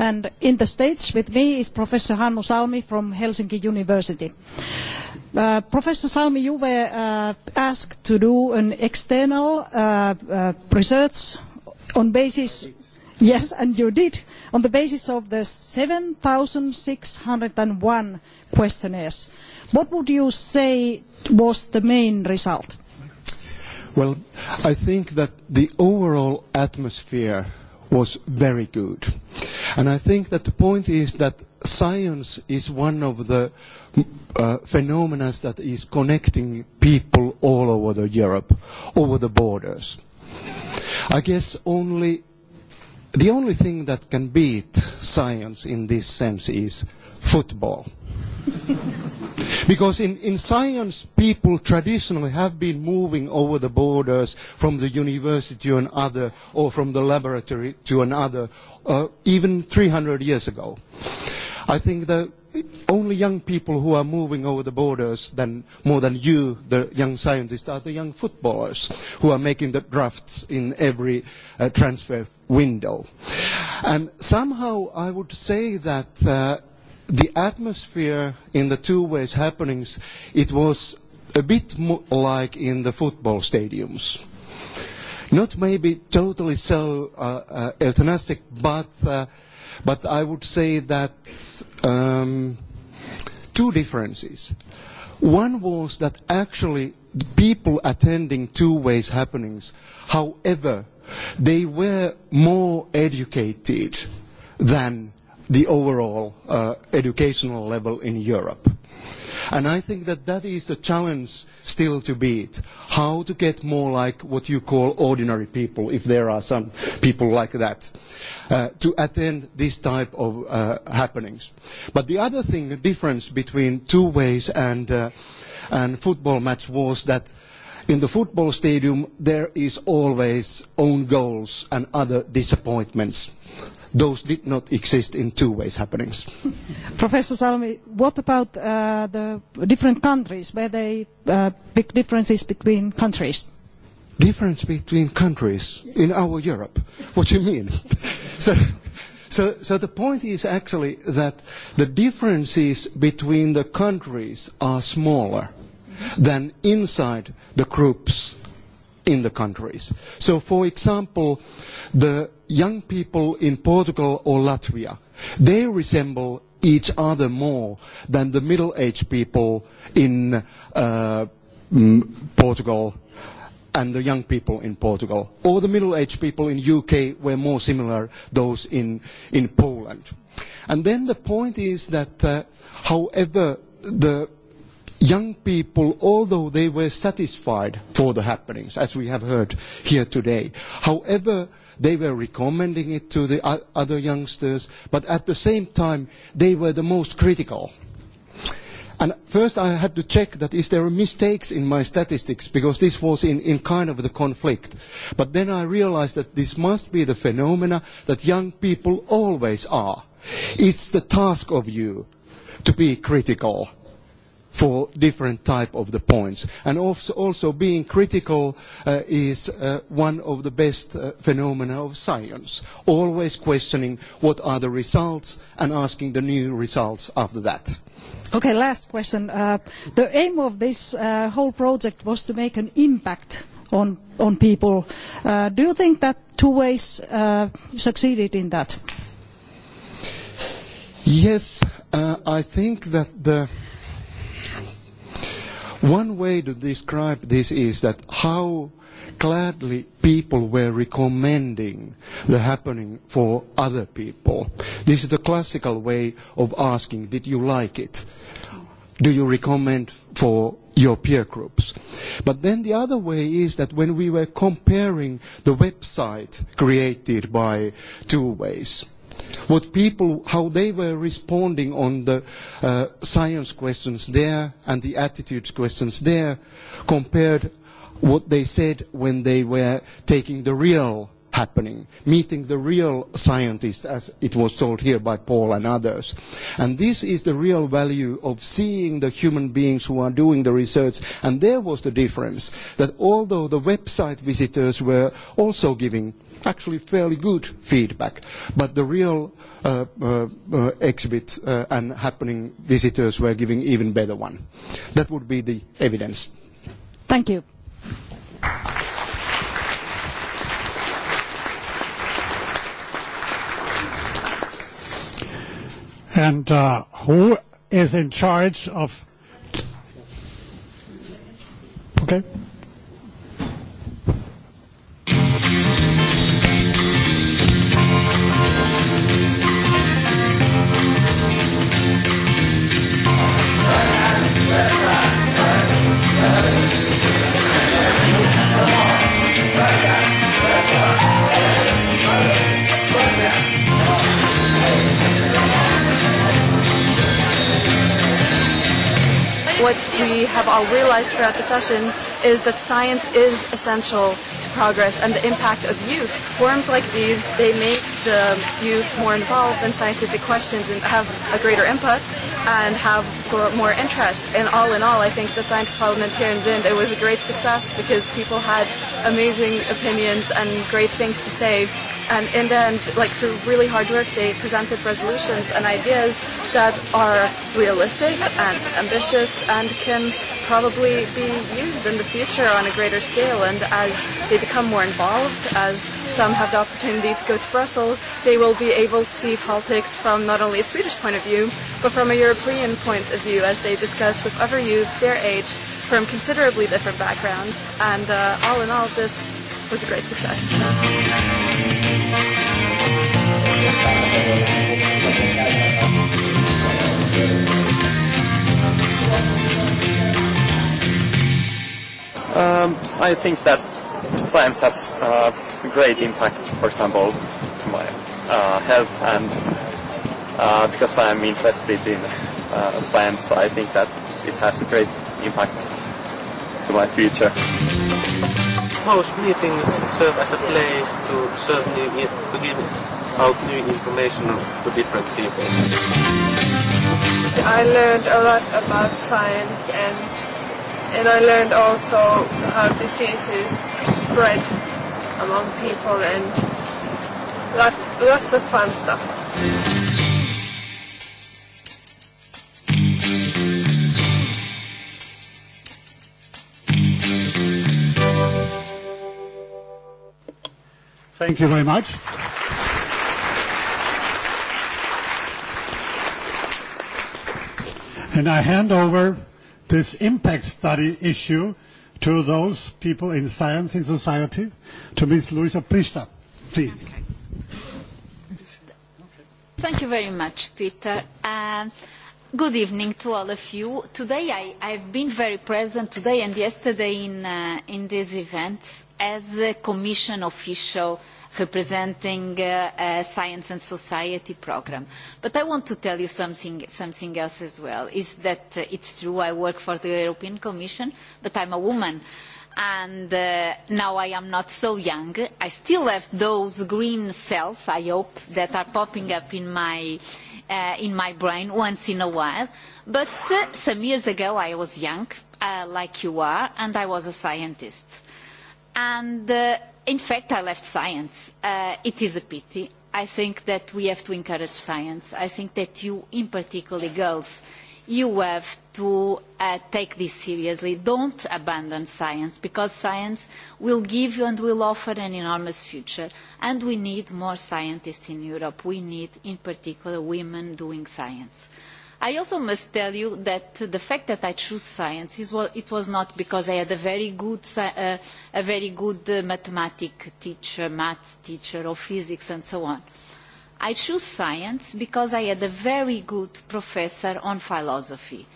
And in the States with me is Professor Hannu Salmi from Helsinki University. Professor Salmi, you were asked to do an external research on basis Yes, and you did, on the basis of the seven six hundred and one questionnaires. What would you say was the main result? Well, I think that the overall atmosphere was very good. And I think that the point is that science is one of the uh, phenomena that is connecting people all over the Europe, over the borders. I guess only the only thing that can beat science in this sense is football because in, in science, people traditionally have been moving over the borders from the university to another or from the laboratory to another, uh, even 300 years ago. I think that only young people who are moving over the borders than, more than you, the young scientists, are the young footballers who are making the drafts in every uh, transfer window. And somehow I would say that uh, the atmosphere in the two ways happenings, it was a bit mo- like in the football stadiums. Not maybe totally so uh, uh, euthanastic, but, uh, but I would say that um, two differences. One was that actually people attending two ways happenings, however, they were more educated than the overall educational level in Europe. And I think that that is the challenge still to beat. How to get more like what you call ordinary people, if there are some people like that, to attend this type of happenings. But the other thing, the difference between two ways and, uh, and football match was that in the football stadium there is always own goals and other disappointments those did not exist in two ways happenings. Professor Salmi, what about uh, the different countries? Were they uh, big differences between countries? Difference between countries in our Europe? What do you mean? so, so, so the point is actually that the differences between the countries are smaller than inside the groups in the countries. So, for example, the young people in Portugal or Latvia, they resemble each other more than the middle-aged people in uh, Portugal and the young people in Portugal. Or the middle-aged people in UK were more similar those in, in Poland. And then the point is that uh, however the young people, although they were satisfied for the happenings, as we have heard here today, however, they were recommending it to the other youngsters, but at the same time, they were the most critical. And first I had to check that is there mistakes in my statistics because this was in, in kind of the conflict. But then I realised that this must be the phenomena that young people always are. It's the task of you to be critical for different type of the points. And also, also being critical uh, is uh, one of the best uh, phenomena of science. Always questioning what are the results and asking the new results after that. Okay, last question. Uh, the aim of this uh, whole project was to make an impact on, on people. Uh, do you think that two ways uh, succeeded in that? Yes, uh, I think that the One way to describe this is that how gladly people were recommending the happening for other people. This is the classical way of asking, did you like it? Do you recommend for your peer groups? But then the other way is that when we were comparing the website created by two ways, what people, how they were responding on the uh, science questions there and the attitudes questions there compared what they said when they were taking the real happening, meeting the real scientists, as it was told here by Paul and others. And this is the real value of seeing the human beings who are doing the research. And there was the difference that although the website visitors were also giving actually fairly good feedback, but the real uh, uh, uh, exhibit uh, and happening visitors were giving even better one. That would be the evidence. Thank you. And uh, who is in charge of? Okay. what we have all realized throughout the session is that science is essential to progress and the impact of youth. Forums like these, they make the youth more involved in scientific questions and have a greater input and have for more interest. And all in all, I think the Science Parliament here in Vind, it was a great success because people had amazing opinions and great things to say. And in the end, like through really hard work, they presented resolutions and ideas that are realistic and ambitious and can probably be used in the future on a greater scale. And as they become more involved, as some have the opportunity to go to Brussels, they will be able to see politics from not only a Swedish point of view, but from a European point of view as they discuss with other youth their age from considerably different backgrounds. And uh, all in all, this was a great success. Um, I think that science has uh, great impact, for example, to my uh, health and uh, because I'm interested in uh, science, I think that it has a great impact to my future. Most meetings serve as a place to serve new, to give out new information to different people. I learned a lot about science and And I learned also how diseases spread among people and lots, lots of fun stuff. Thank you very much. And I hand over this impact study issue to those people in science, in society, to Ms. Luisa Prista, please. Okay. Thank you very much, Peter. Um, good evening to all of you. Today I, I've been very present today and yesterday in, uh, in these events as a commission official uh, representing a science and society programme. But I want to tell you something, something else as well, is that it's true I work for the European Commission, but I'm a woman and now I am not so young. I still have those green cells, I hope, that are popping up in my, brain once in a while. But some years ago I was young, like you are, and I was a scientist. And in fact, I left science. it is a pity. I think that we have to encourage science. I think that you, in particular, girls, you have to take this seriously. Don't abandon science because science will give you and will offer an enormous future. And we need more scientists in Europe. We need, in particular, women doing science. Uh, I also must tell you that the fact that I chose science is well, it was not because I had a very good uh, a very good uh, mathematic teacher, maths teacher, or physics, and so on. I chose science because I had a very good professor on philosophy,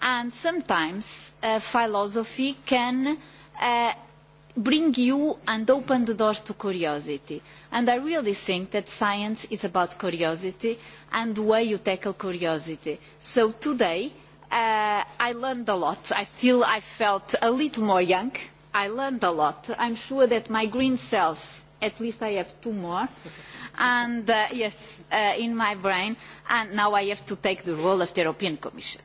and sometimes uh, philosophy can uh, bring you and open the doors to curiosity. And I really think that science is about curiosity and the way you tackle curiosity. So today, I learned a lot. I still, I felt a little more young. I learned a lot. I'm sure that my green cells, at least I have two more, and yes, in my brain, and now I have to take the role of the European Commission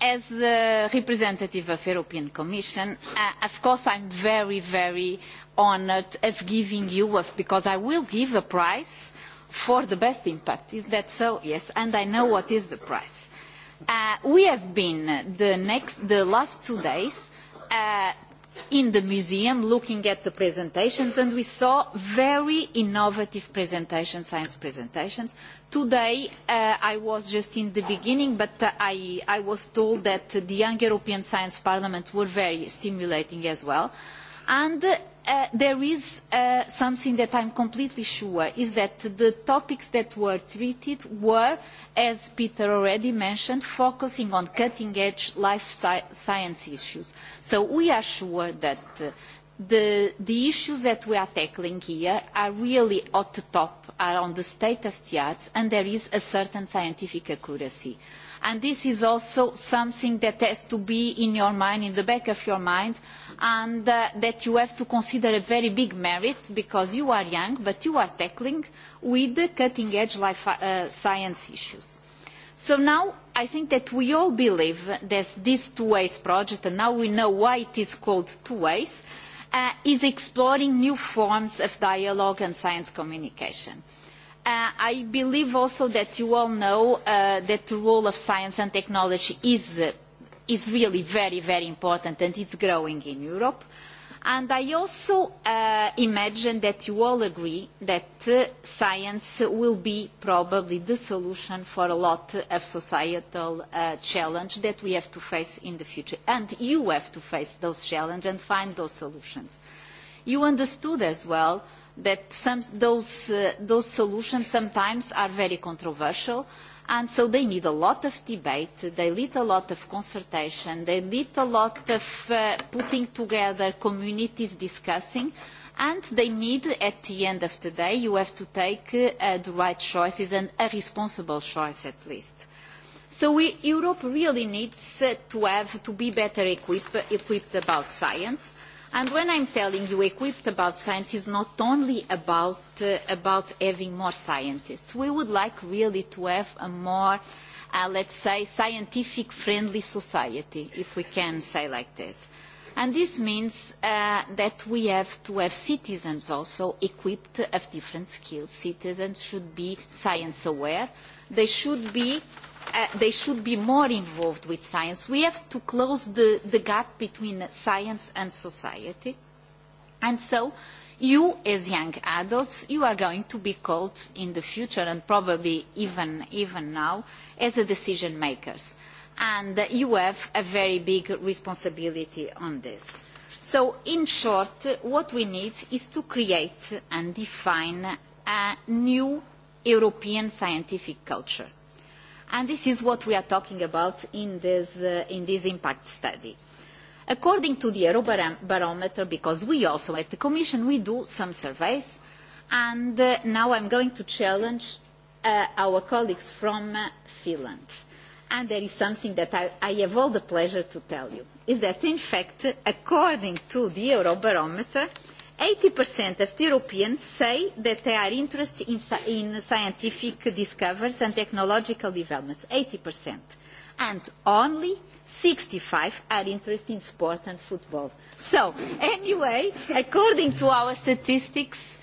as the representative of the European Commission, of course I am very, very honoured of giving you, because I will give a prize for the best impact. Is that so? Yes, and I know what is the price. we have been the, next, the last two days in the museum looking at the presentations and we saw very innovative presentations, science presentations. Today I was just in the beginning but I, I was told that the Young European Science Parliament were very stimulating as well. And there is something that I am completely sure is that the topics that were treated were, as Peter already mentioned, focusing on cutting-edge life science issues. So we are sure that the, the issues that we are tackling here are really at the top, are on the state of the arts, and there is a certain scientific accuracy. Uh, And this is also something that has to be in your mind, in the back of your mind, and that you have to consider a very big merit because you are young, but you are tackling with the cutting-edge life science issues. So now I think that we all believe that this two ways project, and now we know why it is called two ways, is exploring new forms of dialogue and science communication. I believe also that you all know that the role of science and technology is, really very, very important and it is growing in Europe. And I also imagine that you all agree that science will be probably the solution for a lot of societal uh, challenge that we have to face in the future. And you have to face those challenges and find those solutions. You understood as well that some, those, uh, those solutions sometimes are very controversial and so they need a lot of debate, they need a lot of consultation, they need a lot of uh, putting together communities discussing and they need at the end of the day you have to take uh, the right choices and a responsible choice at least. So we, Europe really needs uh, to have to be better equip, equipped about science And when I'm telling you equipped about science is not only about, uh, about having more scientists. We would like really to have a more, uh, let's say, scientific friendly society, if we can say like this. And this means uh, that we have to have citizens also equipped of different skills. Citizens should be science aware. They should be they should be more involved with science. We have to close the, the gap between science and society. And so you, as young adults, you are going to be called in the future and probably even, even now as a decision makers. And you have a very big responsibility on this. So in short, what we need is to create and define a new European scientific culture And this is what we are talking about in this, uh, in this impact study. According to the Eurobarometer, because we also at the Commission, we do some surveys, and uh, now I'm going to challenge uh, our colleagues from uh, Finland. And there is something that I, I have all the pleasure to tell you, is that in fact, according to the Eurobarometer, 80% of Europeans say that they are interested in, in scientific discoveries and technological developments. 80%. And only 65 are interested in sport and football. So, anyway, according to our statistics,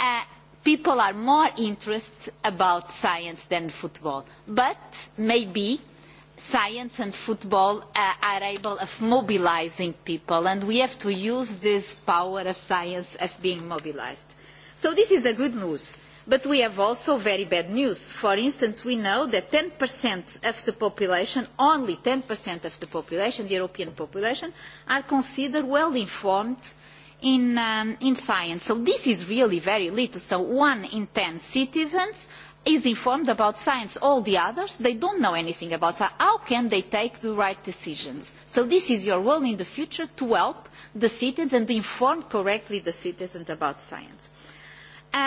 uh, people are more interested about science than football. But maybe science and football are able of mobilise people and we have to use this power of science of being mobilised. So this is a good news. But we have also very bad news. For instance, we know that 10% of the population, only 10% of the population, the European population, are considered well informed in, science. So this is really very little. So one in ten citizens is informed about science. All the others, they don't know anything about science. How can they take the right decisions? So this is your role in the future to help the citizens and to inform correctly the citizens about science.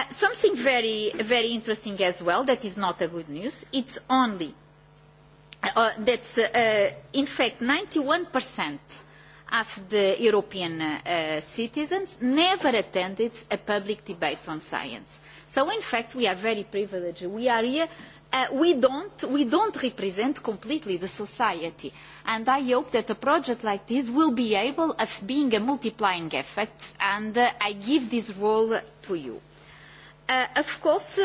something very, very interesting as well that is not a good news, it's only, uh, that's uh, in fact of the European citizens never attended a public debate on science. So in fact we are very privileged. We are here we don't we don't represent completely the society and i hope that a project like this will be able of being a multiplying effect and i give this role to you of course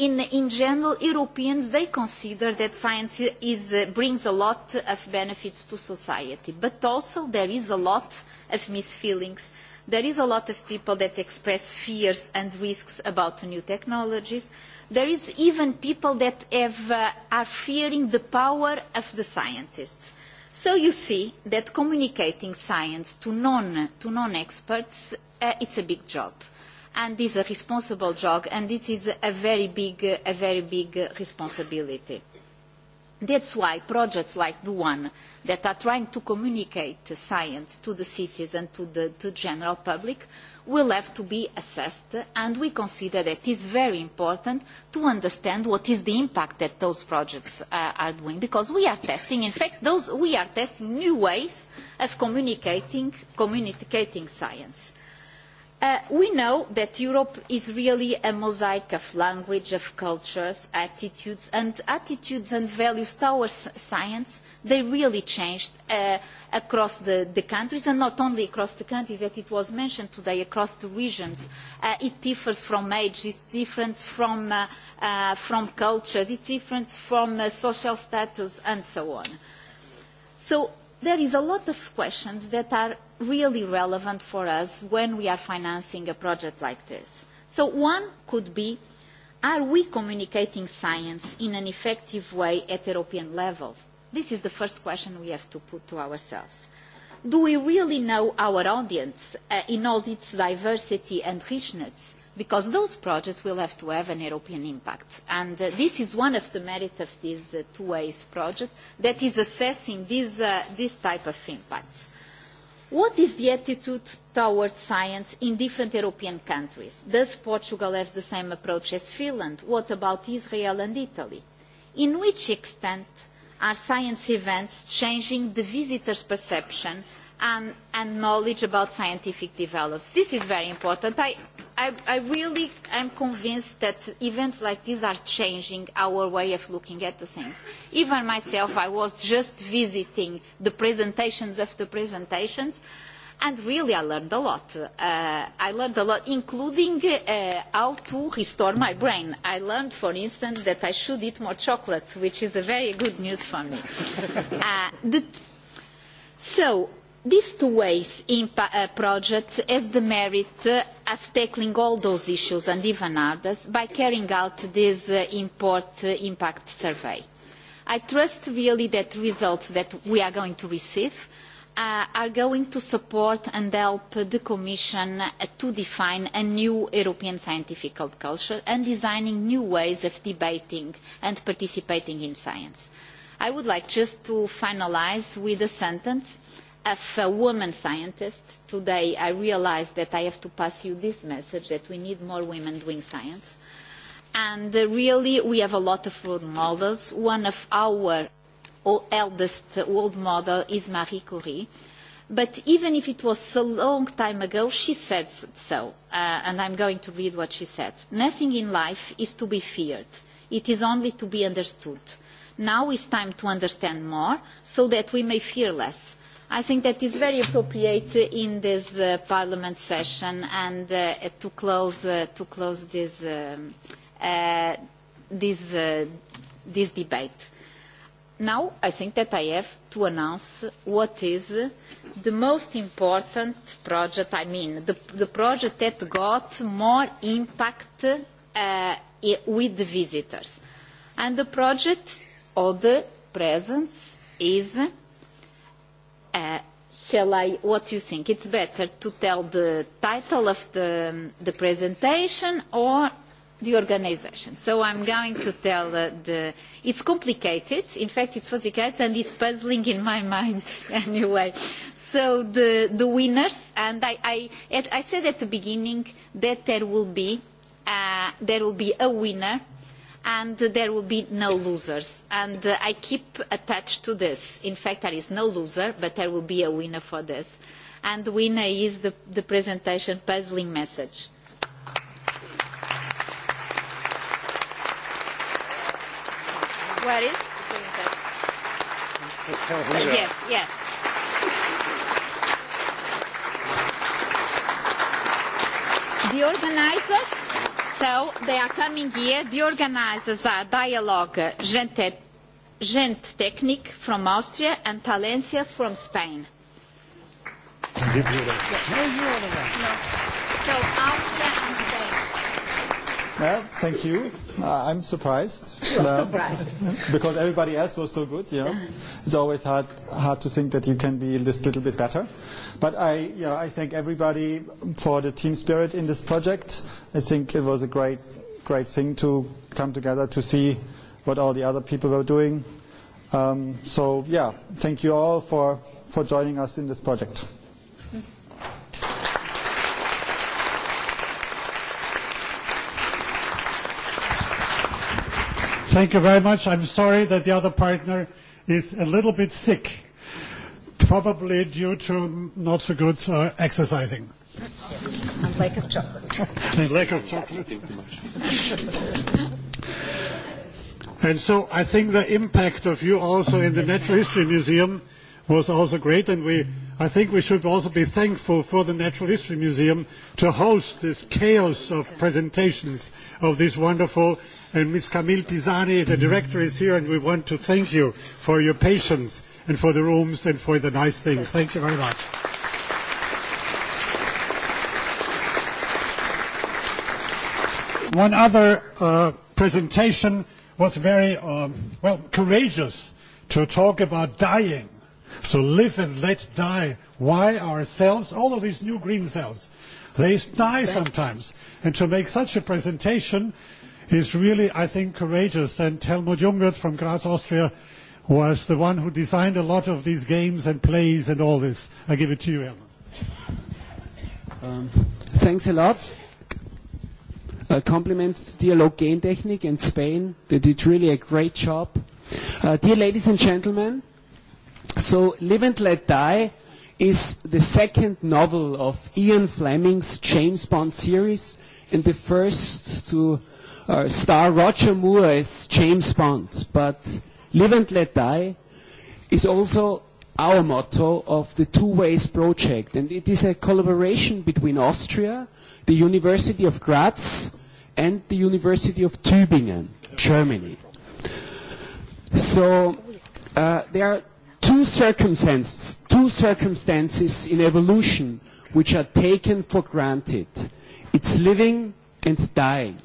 in, in general, Europeans, they consider that science is, uh, brings a lot of benefits to society. But also there is a lot of misfeelings. There is a lot of people that express fears and risks about new technologies. There is even people that have, uh, are fearing the power of the scientists. So you see that communicating science to non-experts, non, uh, it's a big job and is a responsible job, and it is a very big, a very big responsibility. That's why projects like the one that are trying to communicate science to the cities and to the to general public will have to be assessed, and we consider that it is very important to understand what is the impact that those projects are doing, because we are testing, in fact, those, we are testing new ways of communicating, communicating science we know that Europe is really a mosaic of language, of cultures, attitudes, and attitudes and values towards science, they really changed across the, countries, and not only across the countries that it was mentioned today, across the regions. it differs from age, it differs from, cultures, it differs from social status, and so on. So there is a lot of questions that are really relevant for us when we are financing a project like this. So one could be, are we communicating science in an effective way at European level? This is the first question we have to put to ourselves. Do we really know our audience in all its diversity and richness? because those projects will have to have an European impact. And this is one of the merits of this two ways project that is assessing this, uh, this type of impacts. What is the attitude towards science in different European countries? Does Portugal have the same approach as Finland? What about Israel and Italy? In which extent are science events changing the visitor's perception and, and knowledge about scientific develops. This is very important. I, I, I really am convinced that events like these are changing our way of looking at the things. Even myself, I was just visiting the presentations after presentations, and really I learned a lot. Uh, I learned a lot, including uh, how to restore my brain. I learned, for instance, that I should eat more chocolate, which is a very good news for me. uh, the, so These two ways project projects has the merit of tackling all those issues and even others by carrying out this import impact survey. I trust really that the results that we are going to receive are going to support and help the Commission to define a new European scientific culture and designing new ways of debating and participating in science. I would like just to finalise with a sentence of a woman scientist, today I realize that I have to pass you this message that we need more women doing science. And really, we have a lot of role models. One of our eldest world model is Marie Curie. But even if it was a long time ago, she said so. and I am going to read what she said. Nothing in life is to be feared. It is only to be understood. Now is time to understand more so that we may fear less I think that is very appropriate in this Parliament session and to close this debate. Now I think that I have to announce what is the most important project, I mean, the, the project that got more impact with the visitors. And the project of the presence is shall I, what do you think? It's better to tell the title of the, the presentation or the organization. So I'm going to tell uh, the, it's complicated, in fact it's fuzzy cats and it's puzzling in my mind anyway. So the, the winners, and I, I, at, I said at the beginning that there will be, uh, there will be a winner and there will be no losers. And I keep attached to this. In fact, there is no loser, but there will be a winner for this. And the winner is the, the presentation puzzling message. is yes, yes. The organizers So they are coming here. The organizers are Dialogue Gent Technik from Austria and Talencia from Spain. So Well, thank you. I'm surprised. You're surprised. Because everybody else was so good, yeah. It's always hard hard to think that you can be this little bit better. But I yeah, I thank everybody for the team spirit in this project. I think it was a great great thing to come together to see what all the other people were doing. Um, so yeah, thank you all for for joining us in this project. Thank you very much. I'm sorry that the other partner is a little bit sick, probably due to not so good uh, exercising. And lack of chocolate. and lack of chocolate. and so I think the impact of you also in the Natural History Museum was also great, and we, I think we should also be thankful for the Natural History Museum to host this chaos of presentations of these wonderful And Ms. Camille Pisani, the director, is here, and we want to thank you for your patience and for the rooms and for the nice things. Thank you very much. One other uh, presentation was very, um, well, courageous to talk about dying. So live and let die. Why our cells, all of these new green cells, they die sometimes. And to make such a presentation, is really, I think, courageous. And Helmut Jungert from Graz, Austria, was the one who designed a lot of these games and plays and all this. I give it to you, Helmut. Um, thanks a lot. A compliment to Dialog Gentechnik in Spain. They did really a great job. Uh, dear ladies and gentlemen, so Live and Let Die is the second novel of Ian Fleming's James Bond series and the first to uh, star Roger Moore as James Bond, but Live and Let Die is also our motto of the Two Ways project. And it is a collaboration between Austria, the University of Graz, and the University of Tübingen, Germany. So uh, there are two circumstances, two circumstances in evolution which are taken for granted. It's living and dying.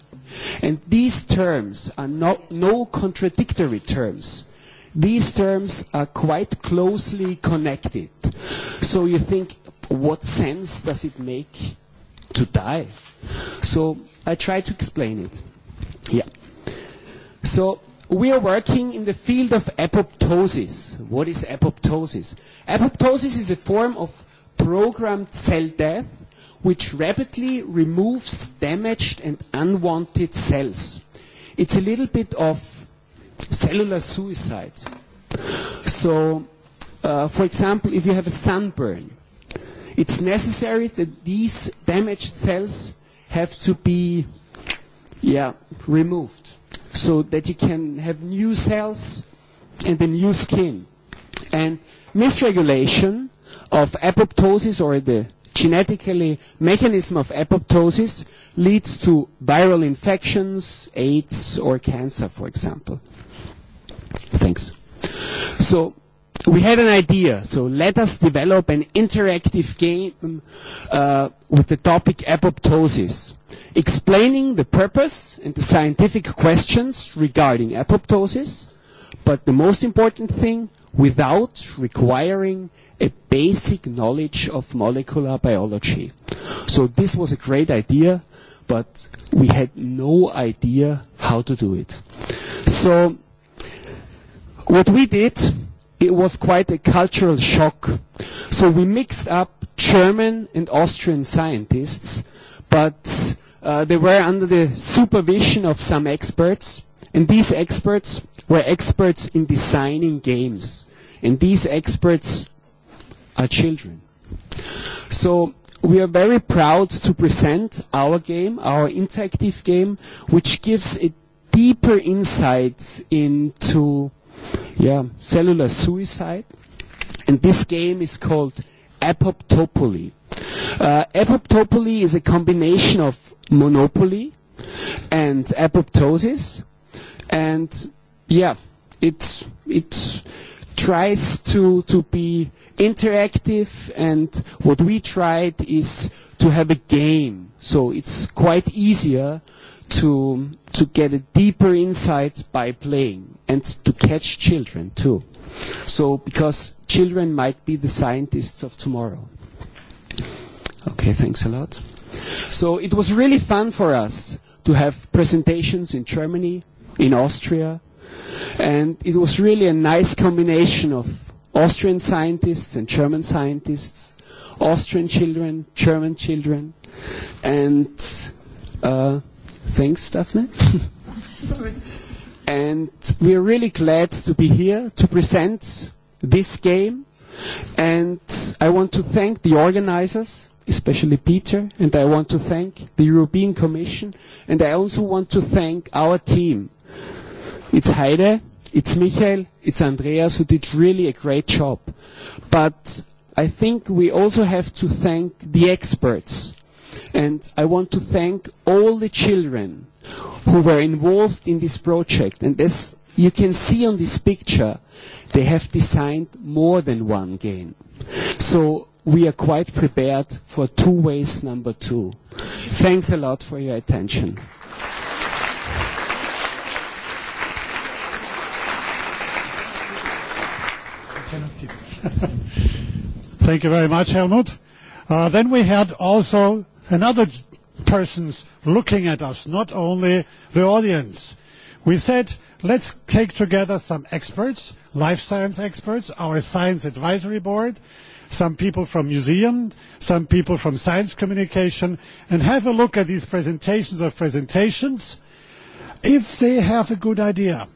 And these terms are not, no contradictory terms. These terms are quite closely connected. So you think, what sense does it make to die? So I try to explain it. Yeah. So we are working in the field of apoptosis. What is apoptosis? Apoptosis is a form of programmed cell death which rapidly removes damaged and unwanted cells. It's a little bit of cellular suicide. So, uh, for example, if you have a sunburn, it's necessary that these damaged cells have to be yeah, removed so that you can have new cells and a new skin. And misregulation of apoptosis or the genetically mechanism of apoptosis leads to viral infections, AIDS or cancer, for example. Thanks. So we had an idea. So let us develop an interactive game uh, with the topic apoptosis, explaining the purpose and the scientific questions regarding apoptosis, but the most important thing, without requiring a basic knowledge of molecular biology. So this was a great idea, but we had no idea how to do it. So what we did, it was quite a cultural shock. So we mixed up German and Austrian scientists, but uh, they were under the supervision of some experts, and these experts were experts in designing games. And these experts are children. So we are very proud to present our game, our interactive game, which gives a deeper insight into yeah, cellular suicide. And this game is called Apoptopoly. Uh, apoptopoly is a combination of monopoly and apoptosis. And yeah, it it tries to to be interactive, and what we tried is to have a game. So it's quite easier to to get a deeper insight by playing and to catch children too. So because children might be the scientists of tomorrow. Okay, thanks a lot. So it was really fun for us to have presentations in Germany, in Austria, And it was really a nice combination of Austrian scientists and German scientists, Austrian children, German children, and uh, thanks, Daphne. Sorry. And we are really glad to be here to present this game. And I want to thank the organizers, especially Peter, and I want to thank the European Commission, and I also want to thank our team it's Heide, it's Michael, it's Andreas who did really a great job. But I think we also have to thank the experts. And I want to thank all the children who were involved in this project. And as you can see on this picture, they have designed more than one game. So we are quite prepared for two ways number two. Thanks a lot for your attention. penalty. Thank you very much, Helmut. Uh, then we had also another persons looking at us, not only the audience. We said, let's take together some experts, life science experts, our science advisory board, some people from museum, some people from science communication, and have a look at these presentations of presentations if they have a good idea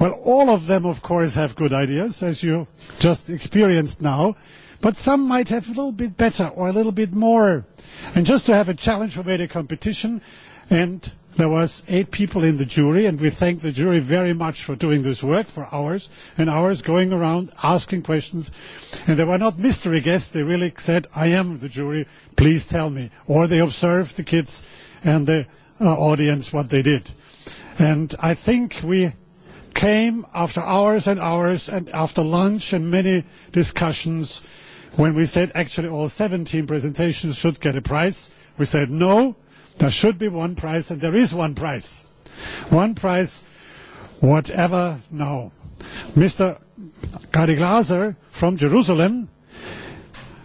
Well, all of them, of course, have good ideas, as you just experienced now, but some might have a little bit better or a little bit more. And just to have a challenge, we made a competition, and there was eight people in the jury, and we thank the jury very much for doing this work for hours and hours, going around asking questions. And they were not mystery guests; they really said, "I am the jury. Please tell me." Or they observed the kids and the uh, audience what they did. And I think we came after hours and hours and after lunch and many discussions when we said actually all 17 presentations should get a prize. We said no, there should be one prize and there is one prize. One prize, whatever now. Mr. Kari Glaser from Jerusalem,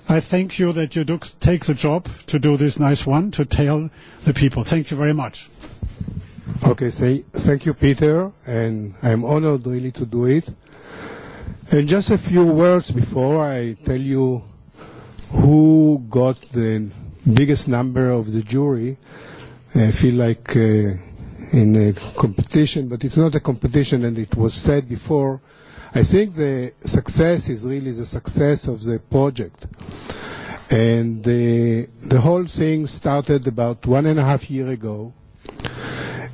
I thank you that you do take the job to do this nice one, to tell the people. Thank you very much. Okay, say, thank you, Peter, and I'm honored really to do it. And just a few words before I tell you who got the biggest number of the jury. I feel like uh, in a competition, but it's not a competition, and it was said before. I think the success is really the success of the project. And the, the whole thing started about one and a half year ago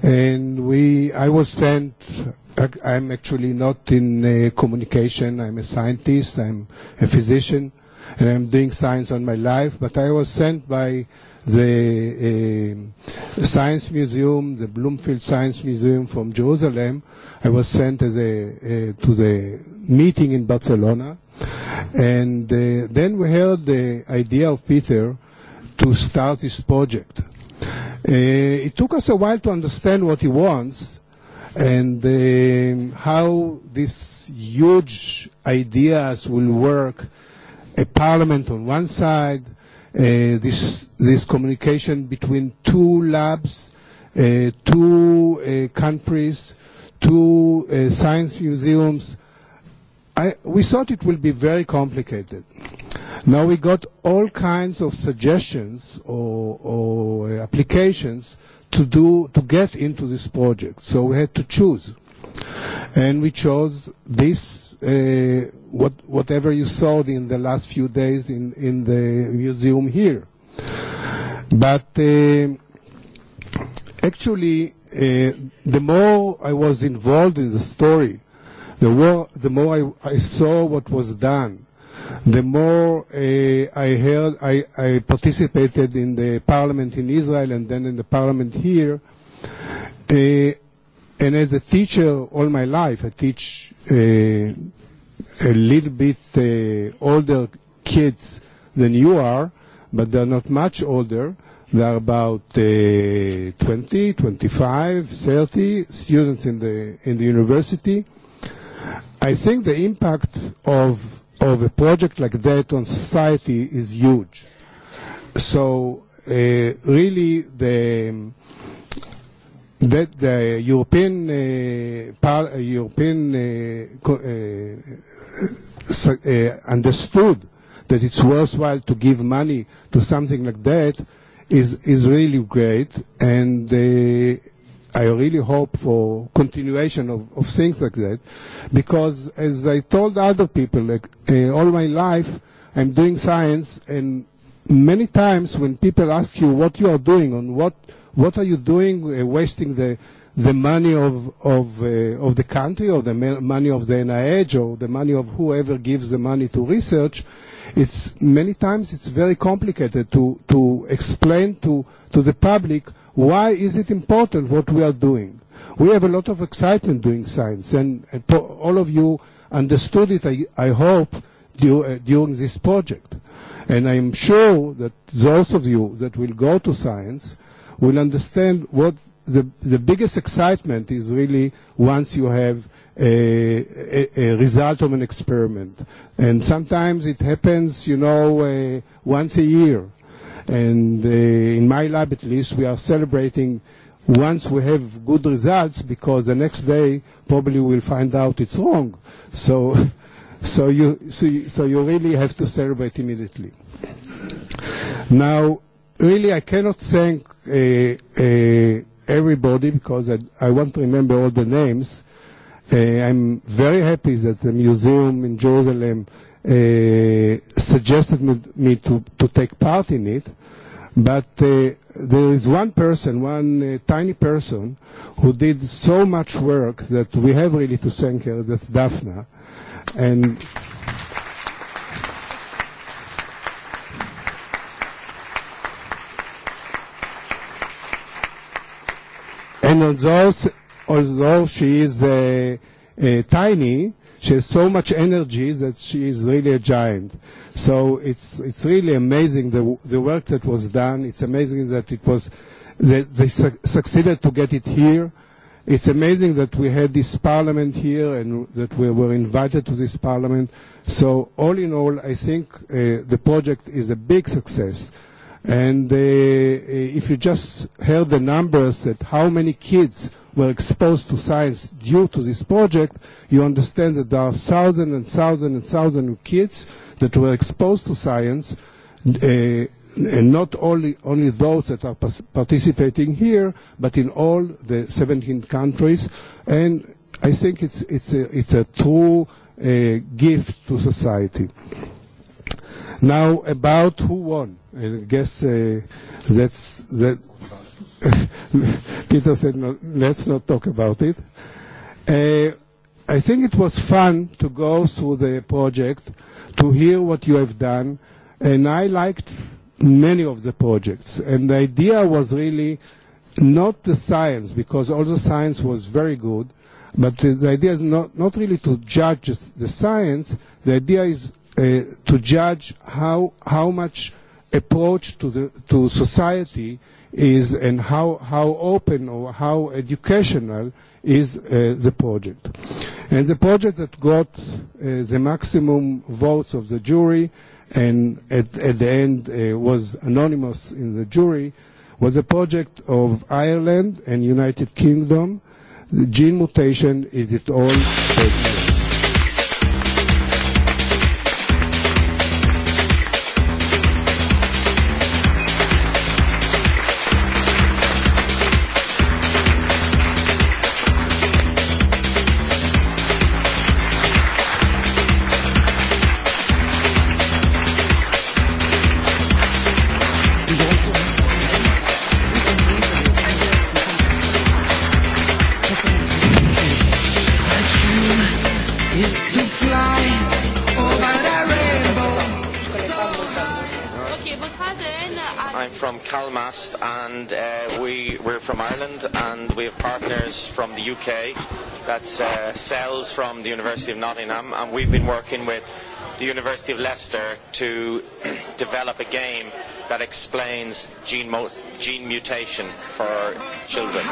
And we, I was sent, I'm actually not in uh, communication, I'm a scientist, I'm a physician, and I'm doing science on my life, but I was sent by the uh, Science Museum, the Bloomfield Science Museum from Jerusalem. I was sent as a, uh, to the meeting in Barcelona, and uh, then we heard the idea of Peter to start this project Uh, it took us a while to understand what he wants and uh, how these huge ideas will work. A parliament on one side, uh, this, this communication between two labs, uh, two uh, countries, two uh, science museums. I, we thought it would be very complicated. Now we got all kinds of suggestions or, or applications to do to get into this project. So we had to choose, and we chose this. Uh, what whatever you saw in the last few days in in the museum here, but uh, actually, uh, the more I was involved in the story, the more the more I, I saw what was done the more uh, I heard, I, I participated in the parliament in Israel and then in the parliament here. Uh, and as a teacher all my life, I teach uh, a little bit uh, older kids than you are, but they're not much older. There are about uh, 20, 25, 30 students in the, in the university. I think the impact of of a project like that on society is huge. So uh, really the that the European uh, par, European uh, co- uh, uh, understood that it's worthwhile to give money to something like that is is really great and uh, I really hope for continuation of, of things like that, because as I told other people, like uh, all my life, I'm doing science, and many times when people ask you what you are doing, on what what are you doing, uh, wasting the the money of of uh, of the country, or the money of the NIH, or the money of whoever gives the money to research, it's many times it's very complicated to to explain to to the public Why is it important what we are doing? We have a lot of excitement doing science, and, and all of you understood it, I, I hope, du- uh, during this project. And I am sure that those of you that will go to science will understand what the, the biggest excitement is really once you have a, a, a result of an experiment. And sometimes it happens, you know, uh, once a year And uh, in my lab, at least, we are celebrating once we have good results because the next day probably we'll find out it's wrong. So, so you, so you, so you really have to celebrate immediately. Now, really, I cannot thank uh, uh, everybody because I, I won't remember all the names. Uh, I'm very happy that the museum in Jerusalem suggested me, me to, to take part in it. But uh, there is one person, one uh, tiny person, who did so much work that we have really to thank her. That's Daphna, and. And although, although she is uh, uh, tiny, she has so much energy that she is really a giant. So it's it's really amazing the the work that was done. It's amazing that it was that they su- succeeded to get it here. It's amazing that we had this parliament here and that we were invited to this parliament. So all in all, I think uh, the project is a big success. And uh, if you just heard the numbers that how many kids were exposed to science due to this project, you understand that there are thousands and thousands and thousands of kids that were exposed to science, uh, and not only, only those that are participating here, but in all the 17 countries. And I think it's, it's, a, it's a true uh, gift to society. Now, about who won, I guess uh, that's, that Peter said, no, let's not talk about it. Uh, I think it was fun to go through the project, to hear what you have done, and I liked many of the projects. And the idea was really not the science, because all the science was very good, but the, the idea is not, not really to judge the science, the idea is uh, to judge how, how much approach to, the, to society is and how, how open or how educational is uh, the project. And the project that got uh, the maximum votes of the jury and at, at the end uh, was anonymous in the jury was a project of Ireland and United Kingdom. The gene mutation is it all. the UK that's uh, cells from the University of Nottingham, and we've been working with the University of Leicester to develop a game that explains gene, mo- gene mutation for children.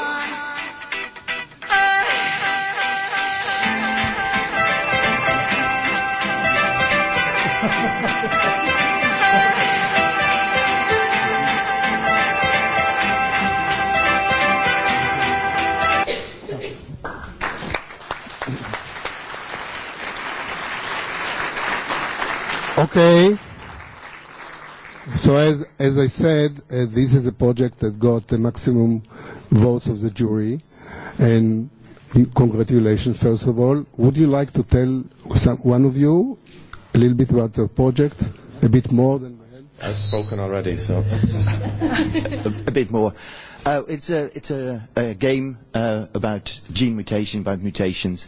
Thank you. Okay. So as, as I said, uh, this is a project that got the maximum votes of the jury, and congratulations first of all. Would you like to tell some, one of you a little bit about the project, a bit more than I've spoken already, so a bit more. Oh, it's a it's a, a game uh, about gene mutation, about mutations,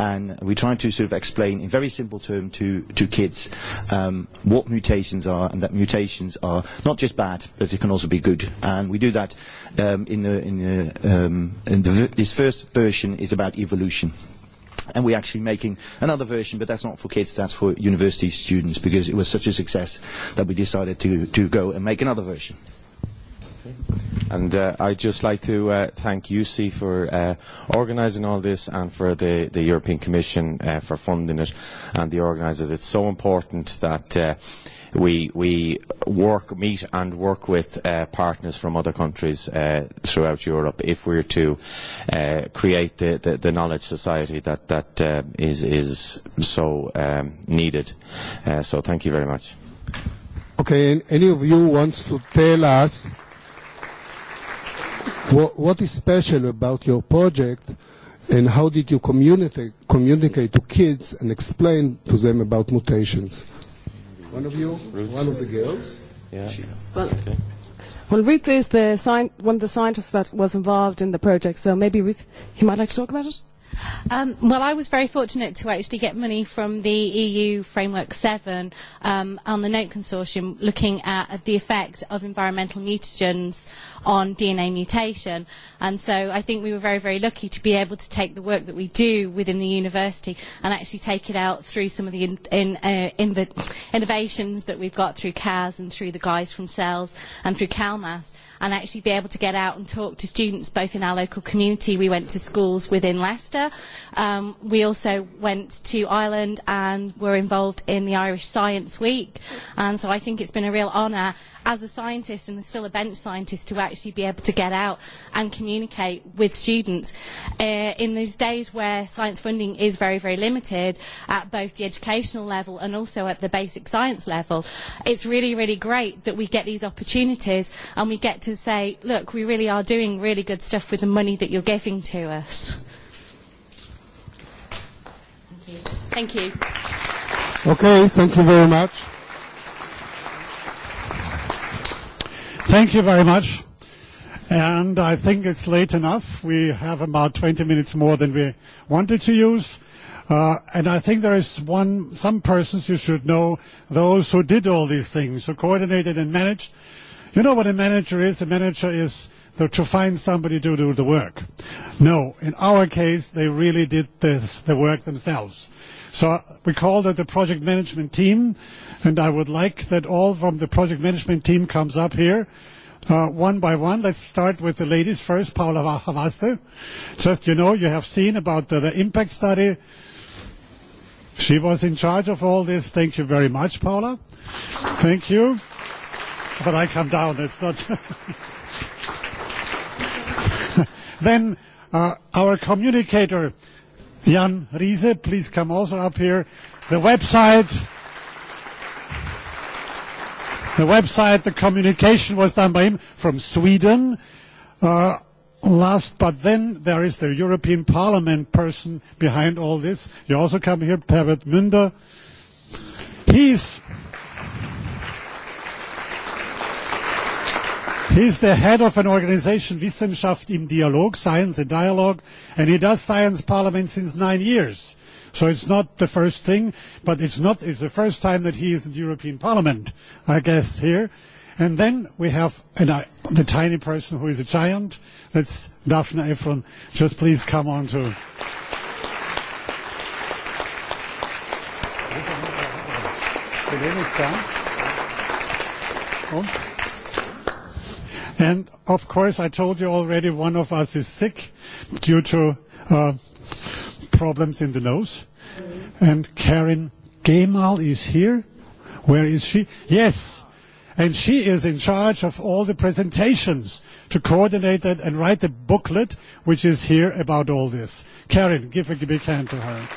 and we try to sort of explain in very simple terms to to kids um, what mutations are, and that mutations are not just bad, but it can also be good. And we do that um, in the in the, um, in the this first version is about evolution and we're actually making another version, but that's not for kids, that's for university students, because it was such a success that we decided to, to go and make another version. And uh, I'd just like to uh, thank UC for uh, organising all this and for the, the European Commission uh, for funding it and the organisers. It's so important that uh, we, we work, meet and work with uh, partners from other countries uh, throughout Europe if we're to uh, create the, the, the knowledge society that, that uh, is, is so um, needed. Uh, so thank you very much. Okay, any of you wants to tell us What, what is special about your project and how did you communicate, communicate to kids and explain to them about mutations? One of you, one of the girls. Yeah. Well, okay. well, Ruth is the sci- one of the scientists that was involved in the project, so maybe Ruth, you might like to talk about it? Um, well, I was very fortunate to actually get money from the EU Framework 7 um, on the NOTE Consortium looking at the effect of environmental mutagens on DNA mutation. And so I think we were very, very lucky to be able to take the work that we do within the university and actually take it out through some of the in, in, uh, innovations that we've got through CAS and through the guys from CELS and through CalMAS and actually be able to get out and talk to students both in our local community. We went to schools within Leicester. Um, we also went to Ireland and were involved in the Irish Science Week. And so I think it's been a real honour as a scientist and still a bench scientist to actually be able to get out and communicate with students uh, in these days where science funding is very, very limited at both the educational level and also at the basic science level. It's really, really great that we get these opportunities and we get to say, look, we really are doing really good stuff with the money that you're giving to us. Thank you. Thank you. Okay, thank you very much. Thank you very much. And I think it's late enough. We have about 20 minutes more than we wanted to use. Uh, and I think there is one, some persons you should know, those who did all these things, who coordinated and managed. You know what a manager is? A manager is the, to find somebody to do the work. No, in our case, they really did this, the work themselves. So we called it the project management team, and I would like that all from the project management team comes up here uh, one by one. Let's start with the ladies first, Paula Havaste. Just you know, you have seen about the, the impact study. She was in charge of all this. Thank you very much, Paula. Thank you. But I come down. It's not. then uh, our communicator Jan Riese, please come also up here. The website, the website, the communication was done by him from Sweden. Uh, last, but then there is the European Parliament person behind all this. You also come here, Pervert Münder. He's He's the head of an organization, Wissenschaft im Dialog, Science in Dialogue, and he does Science Parliament since nine years. So it's not the first thing, but it's not, it's the first time that he is in the European Parliament, I guess, here. And then we have an, uh, the tiny person who is a giant. That's Daphne Efron. Just please come on to. Und? And of course, I told you already, one of us is sick due to uh, problems in the nose. And Karen Gemal is here. Where is she? Yes. And she is in charge of all the presentations to coordinate that and write the booklet, which is here about all this. Karen, give a big hand to her.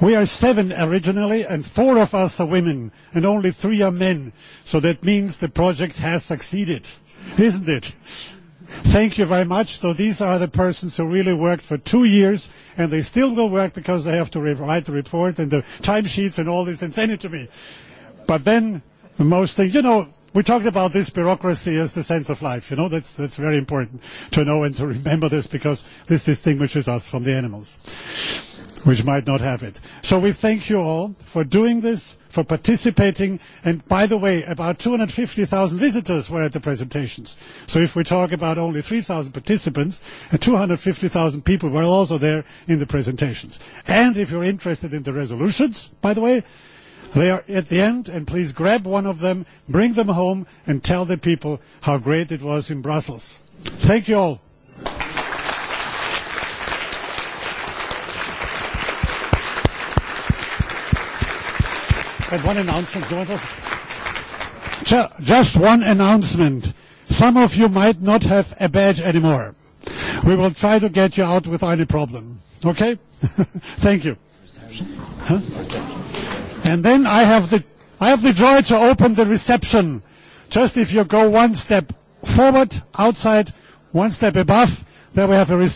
We are seven originally, and four of us are women, and only three are men. So that means the project has succeeded, isn't it? Thank you very much. So these are the persons who really worked for two years, and they still will work because they have to re write the report and the timesheets and all this and send it to me. But then the most thing, you know, we talked about this bureaucracy as the sense of life. You know, that's, that's very important to know and to remember this because this distinguishes us from the animals which might not have it. So we thank you all for doing this, for participating, and by the way, about 250,000 visitors were at the presentations. So if we talk about only 3,000 participants, 250,000 people were also there in the presentations. And if you're interested in the resolutions, by the way, They are at the end, and please grab one of them, bring them home, and tell the people how great it was in Brussels. Thank you all. And one announcement. you want was just one announcement. Some of you might not have a badge anymore. We will try to get you out without any problem. Okay? Thank you. Huh? And then I have the I have the joy to open the reception. Just if you go one step forward, outside, one step above, there we have a reception.